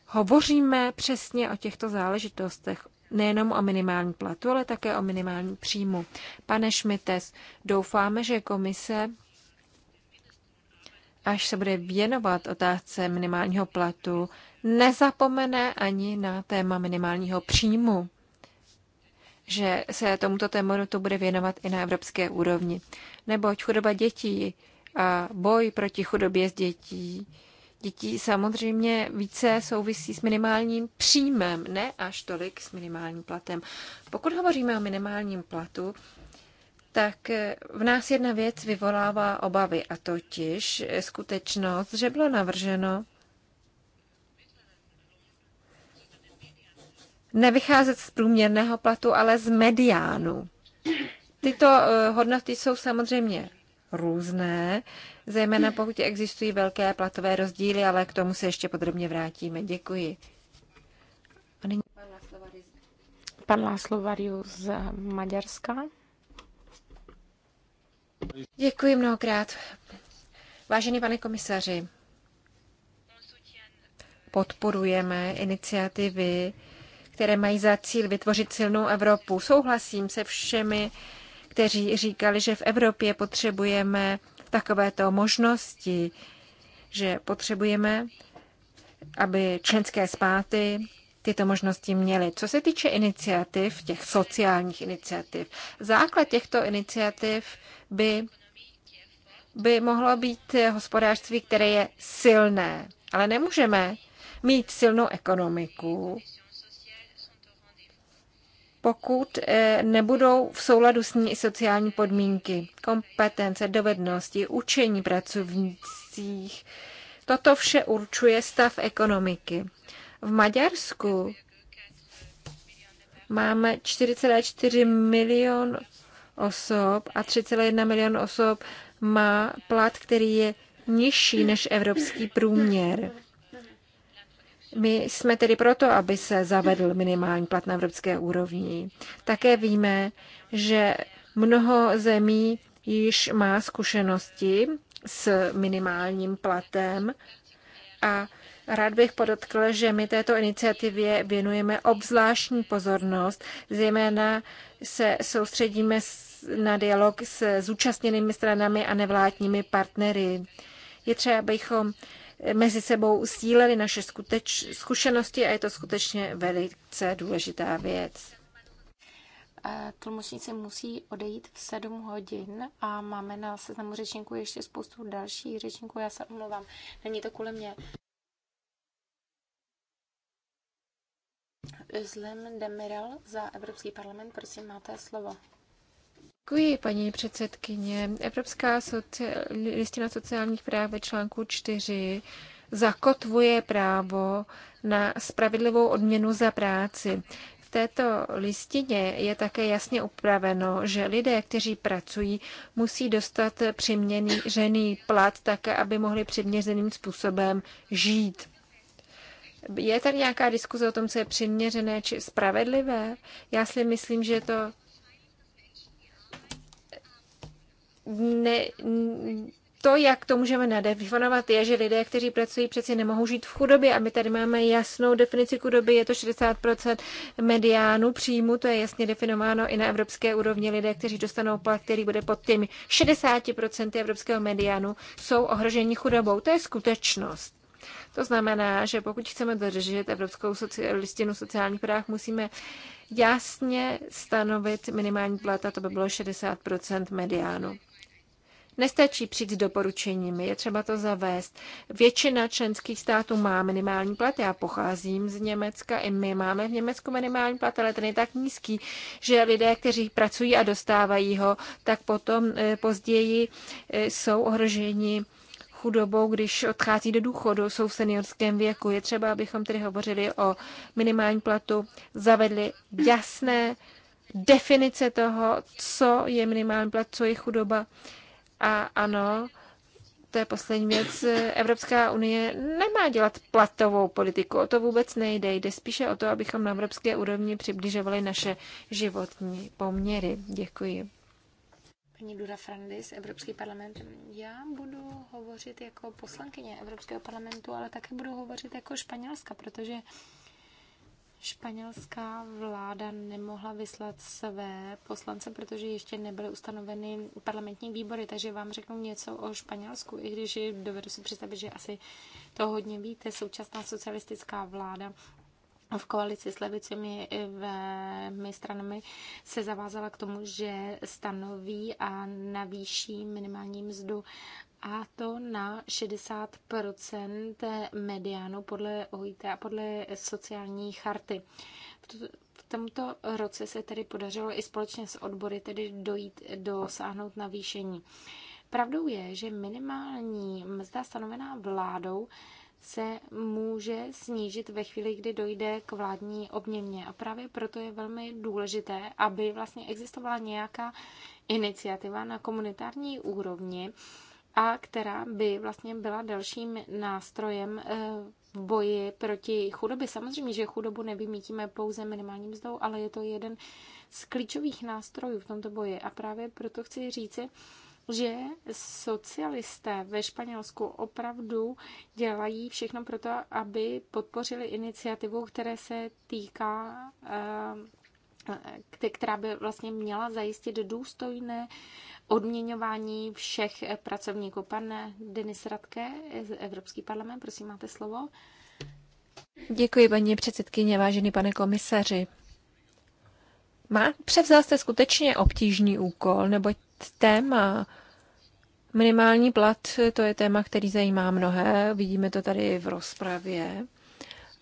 hovoříme přesně o těchto záležitostech, nejenom o minimální platu, ale také o minimální příjmu. Pane Šmites, doufáme, že komise, až se bude věnovat otázce minimálního platu, nezapomene ani na téma minimálního příjmu že se tomuto tématu bude věnovat i na evropské úrovni. Neboť chudoba dětí a boj proti chudobě z dětí dětí samozřejmě více souvisí s minimálním příjmem, ne až tolik s minimálním platem. Pokud hovoříme o minimálním platu, tak v nás jedna věc vyvolává obavy, a totiž skutečnost, že bylo navrženo, nevycházet z průměrného platu, ale z mediánu. Tyto eh, hodnoty jsou samozřejmě různé, zejména pokud existují velké platové rozdíly, ale k tomu se ještě podrobně vrátíme. Děkuji. A nyní pan Láslo z Maďarska. Děkuji mnohokrát. Vážený pane komisaři, podporujeme iniciativy které mají za cíl vytvořit silnou Evropu. Souhlasím se všemi, kteří říkali, že v Evropě potřebujeme takovéto možnosti, že potřebujeme, aby členské spáty tyto možnosti měly. Co se týče iniciativ, těch sociálních iniciativ, základ těchto iniciativ by, by mohlo být hospodářství, které je silné. Ale nemůžeme mít silnou ekonomiku, pokud eh, nebudou v souladu s ní i sociální podmínky, kompetence, dovednosti, učení pracovnících. Toto vše určuje stav ekonomiky. V Maďarsku máme 4,4 milion osob a 3,1 milion osob má plat, který je nižší než evropský průměr. My jsme tedy proto, aby se zavedl minimální plat na evropské úrovni. Také víme, že mnoho zemí již má zkušenosti s minimálním platem a Rád bych podotkl, že my této iniciativě věnujeme obzvláštní pozornost, zejména se soustředíme na dialog s zúčastněnými stranami a nevládními partnery. Je třeba, abychom mezi sebou sdíleli naše skuteč, zkušenosti a je to skutečně velice důležitá věc. Tlumočníci musí odejít v 7 hodin a máme na seznamu řečníků ještě spoustu dalších řečníků. Já se omlouvám, není to kvůli mě. Özlem Demiral za Evropský parlament, prosím, máte slovo. Děkuji, paní předsedkyně. Evropská sociál, listina sociálních práv ve článku 4 zakotvuje právo na spravedlivou odměnu za práci V této listině je také jasně upraveno, že lidé, kteří pracují, musí dostat přiměný žený plat tak aby mohli přiměřeným způsobem žít. Je tady nějaká diskuze o tom, co je přiměřené či spravedlivé? Já si myslím, že to ne, to, jak to můžeme nadefinovat, je, že lidé, kteří pracují, přeci nemohou žít v chudobě a my tady máme jasnou definici chudoby, je to 60% mediánu příjmu, to je jasně definováno i na evropské úrovni. Lidé, kteří dostanou plat, který bude pod těmi 60% evropského mediánu, jsou ohroženi chudobou. To je skutečnost. To znamená, že pokud chceme dodržet Evropskou listinu sociálních práv, musíme jasně stanovit minimální plat a to by bylo 60% mediánu. Nestačí přijít s doporučeními, je třeba to zavést. Většina členských států má minimální plat, já pocházím z Německa, i my máme v Německu minimální plat, ale ten je tak nízký, že lidé, kteří pracují a dostávají ho, tak potom eh, později eh, jsou ohroženi chudobou, když odchází do důchodu, jsou v seniorském věku. Je třeba, abychom tedy hovořili o minimální platu, zavedli jasné definice toho, co je minimální plat, co je chudoba a ano, to je poslední věc, Evropská unie nemá dělat platovou politiku, o to vůbec nejde, jde spíše o to, abychom na evropské úrovni přibližovali naše životní poměry. Děkuji. Paní Dura Frandis, Evropský parlament. Já budu hovořit jako poslankyně Evropského parlamentu, ale také budu hovořit jako španělska, protože španělská vláda nemohla vyslat své poslance, protože ještě nebyly ustanoveny parlamentní výbory, takže vám řeknu něco o Španělsku, i když dovedu si představit, že asi to hodně víte. Současná socialistická vláda v koalici s levicemi i mými stranami se zavázala k tomu, že stanoví a navýší minimální mzdu a to na 60 mediánu podle OIT a podle sociální charty. V tomto roce se tedy podařilo i společně s odbory tedy dojít, dosáhnout navýšení. Pravdou je, že minimální mzda stanovená vládou se může snížit ve chvíli, kdy dojde k vládní obměně. A právě proto je velmi důležité, aby vlastně existovala nějaká iniciativa na komunitární úrovni, a která by vlastně byla dalším nástrojem eh, v boji proti chudobě. Samozřejmě, že chudobu nevymítíme pouze minimální mzdou, ale je to jeden z klíčových nástrojů v tomto boji. A právě proto chci říci, že socialisté ve Španělsku opravdu dělají všechno pro to, aby podpořili iniciativu, které se týká eh, která by vlastně měla zajistit důstojné odměňování všech pracovníků. Pan Denis Radke, Evropský parlament, prosím, máte slovo. Děkuji, paní předsedkyně, vážený pane komisaři. Má, převzal jste skutečně obtížný úkol, nebo téma minimální plat, to je téma, který zajímá mnohé, vidíme to tady v rozpravě,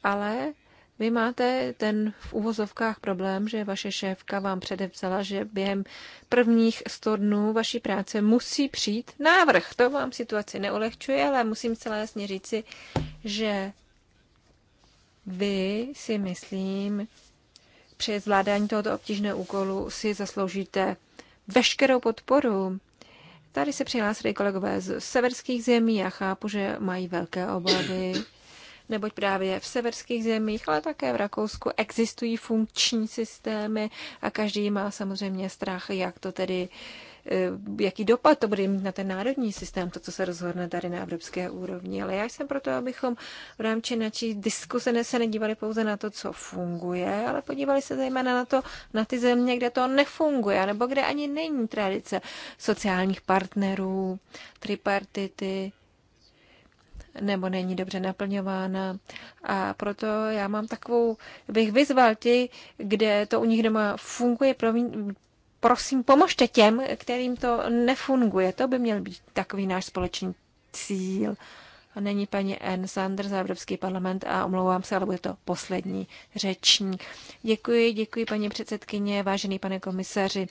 ale vy máte ten v uvozovkách problém, že vaše šéfka vám předepsala, že během prvních 100 dnů vaší práce musí přijít návrh. To vám situaci neulehčuje, ale musím celé jasně říci, že vy si myslím, při zvládání tohoto obtížného úkolu si zasloužíte veškerou podporu. Tady se přihlásili kolegové z severských zemí a chápu, že mají velké obavy neboť právě v severských zemích, ale také v Rakousku existují funkční systémy a každý má samozřejmě strach, jak to tedy eh, jaký dopad to bude mít na ten národní systém, to, co se rozhodne tady na evropské úrovni. Ale já jsem proto, abychom v rámci naší diskuse se nedívali pouze na to, co funguje, ale podívali se zejména na to, na ty země, kde to nefunguje, nebo kde ani není tradice sociálních partnerů, tripartity, nebo není dobře naplňována. A proto já mám takovou, bych vyzval ti, kde to u nich doma funguje, prosím, pomožte těm, kterým to nefunguje. To by měl být takový náš společný cíl. A není paní Ann Sander za Evropský parlament a omlouvám se, ale bude to poslední řečník. Děkuji, děkuji paní předsedkyně, vážený pane komisaři.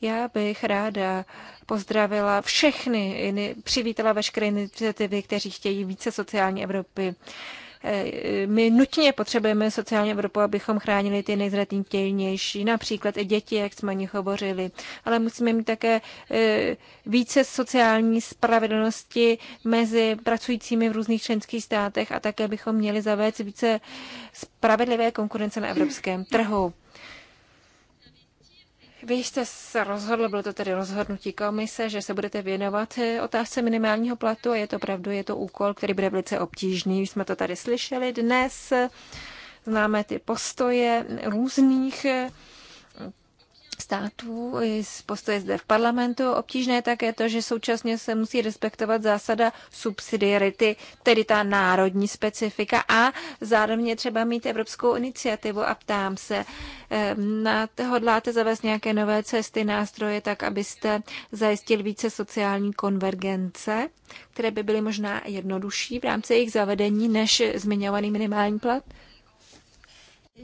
Já bych ráda pozdravila všechny, přivítala veškeré iniciativy, kteří chtějí více sociální Evropy my nutně potřebujeme sociální Evropu, abychom chránili ty nejzranitelnější, například i děti, jak jsme o nich hovořili. Ale musíme mít také e, více sociální spravedlnosti mezi pracujícími v různých členských státech a také bychom měli zavést více spravedlivé konkurence na evropském trhu. Vy jste se rozhodl, bylo to tedy rozhodnutí komise, že se budete věnovat eh, otázce minimálního platu a je to pravdu, je to úkol, který bude velice obtížný. Už jsme to tady slyšeli dnes, eh, známe ty postoje různých eh, států z postoje zde v parlamentu. Obtížné také to, že současně se musí respektovat zásada subsidiarity, tedy ta národní specifika a zároveň třeba mít evropskou iniciativu a ptám se, eh, na hodláte zavést nějaké nové cesty, nástroje, tak abyste zajistil více sociální konvergence, které by byly možná jednodušší v rámci jejich zavedení než zmiňovaný minimální plat?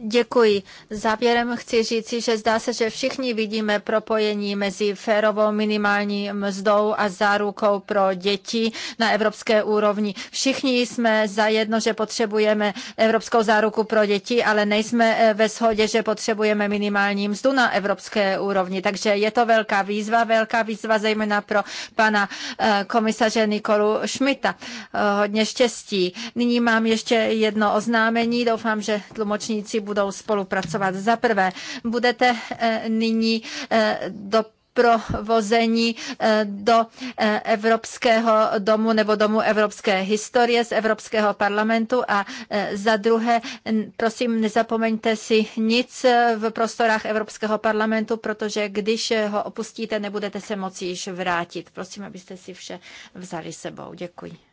Děkuji. Závěrem chci říci, že zdá se, že všichni vidíme propojení mezi férovou minimální mzdou a zárukou pro děti na evropské úrovni. Všichni jsme za jedno, že potřebujeme evropskou záruku pro děti, ale nejsme eh, ve shodě, že potřebujeme minimální mzdu na evropské úrovni. Takže je to velká výzva, velká výzva zejména pro pana eh, komisaře Nikolu Šmita. Eh, hodně štěstí. Nyní mám ještě jedno oznámení. Doufám, že tlumočníci budou spolupracovat. Za prvé, budete eh, nyní eh, eh, do provození do Evropského domu nebo domu Evropské historie z Evropského parlamentu a za druhé, prosím, nezapomeňte si nic v prostorách Evropského parlamentu, protože když ho opustíte, nebudete se moci již vrátit. Prosím, abyste si vše vzali sebou. Děkuji.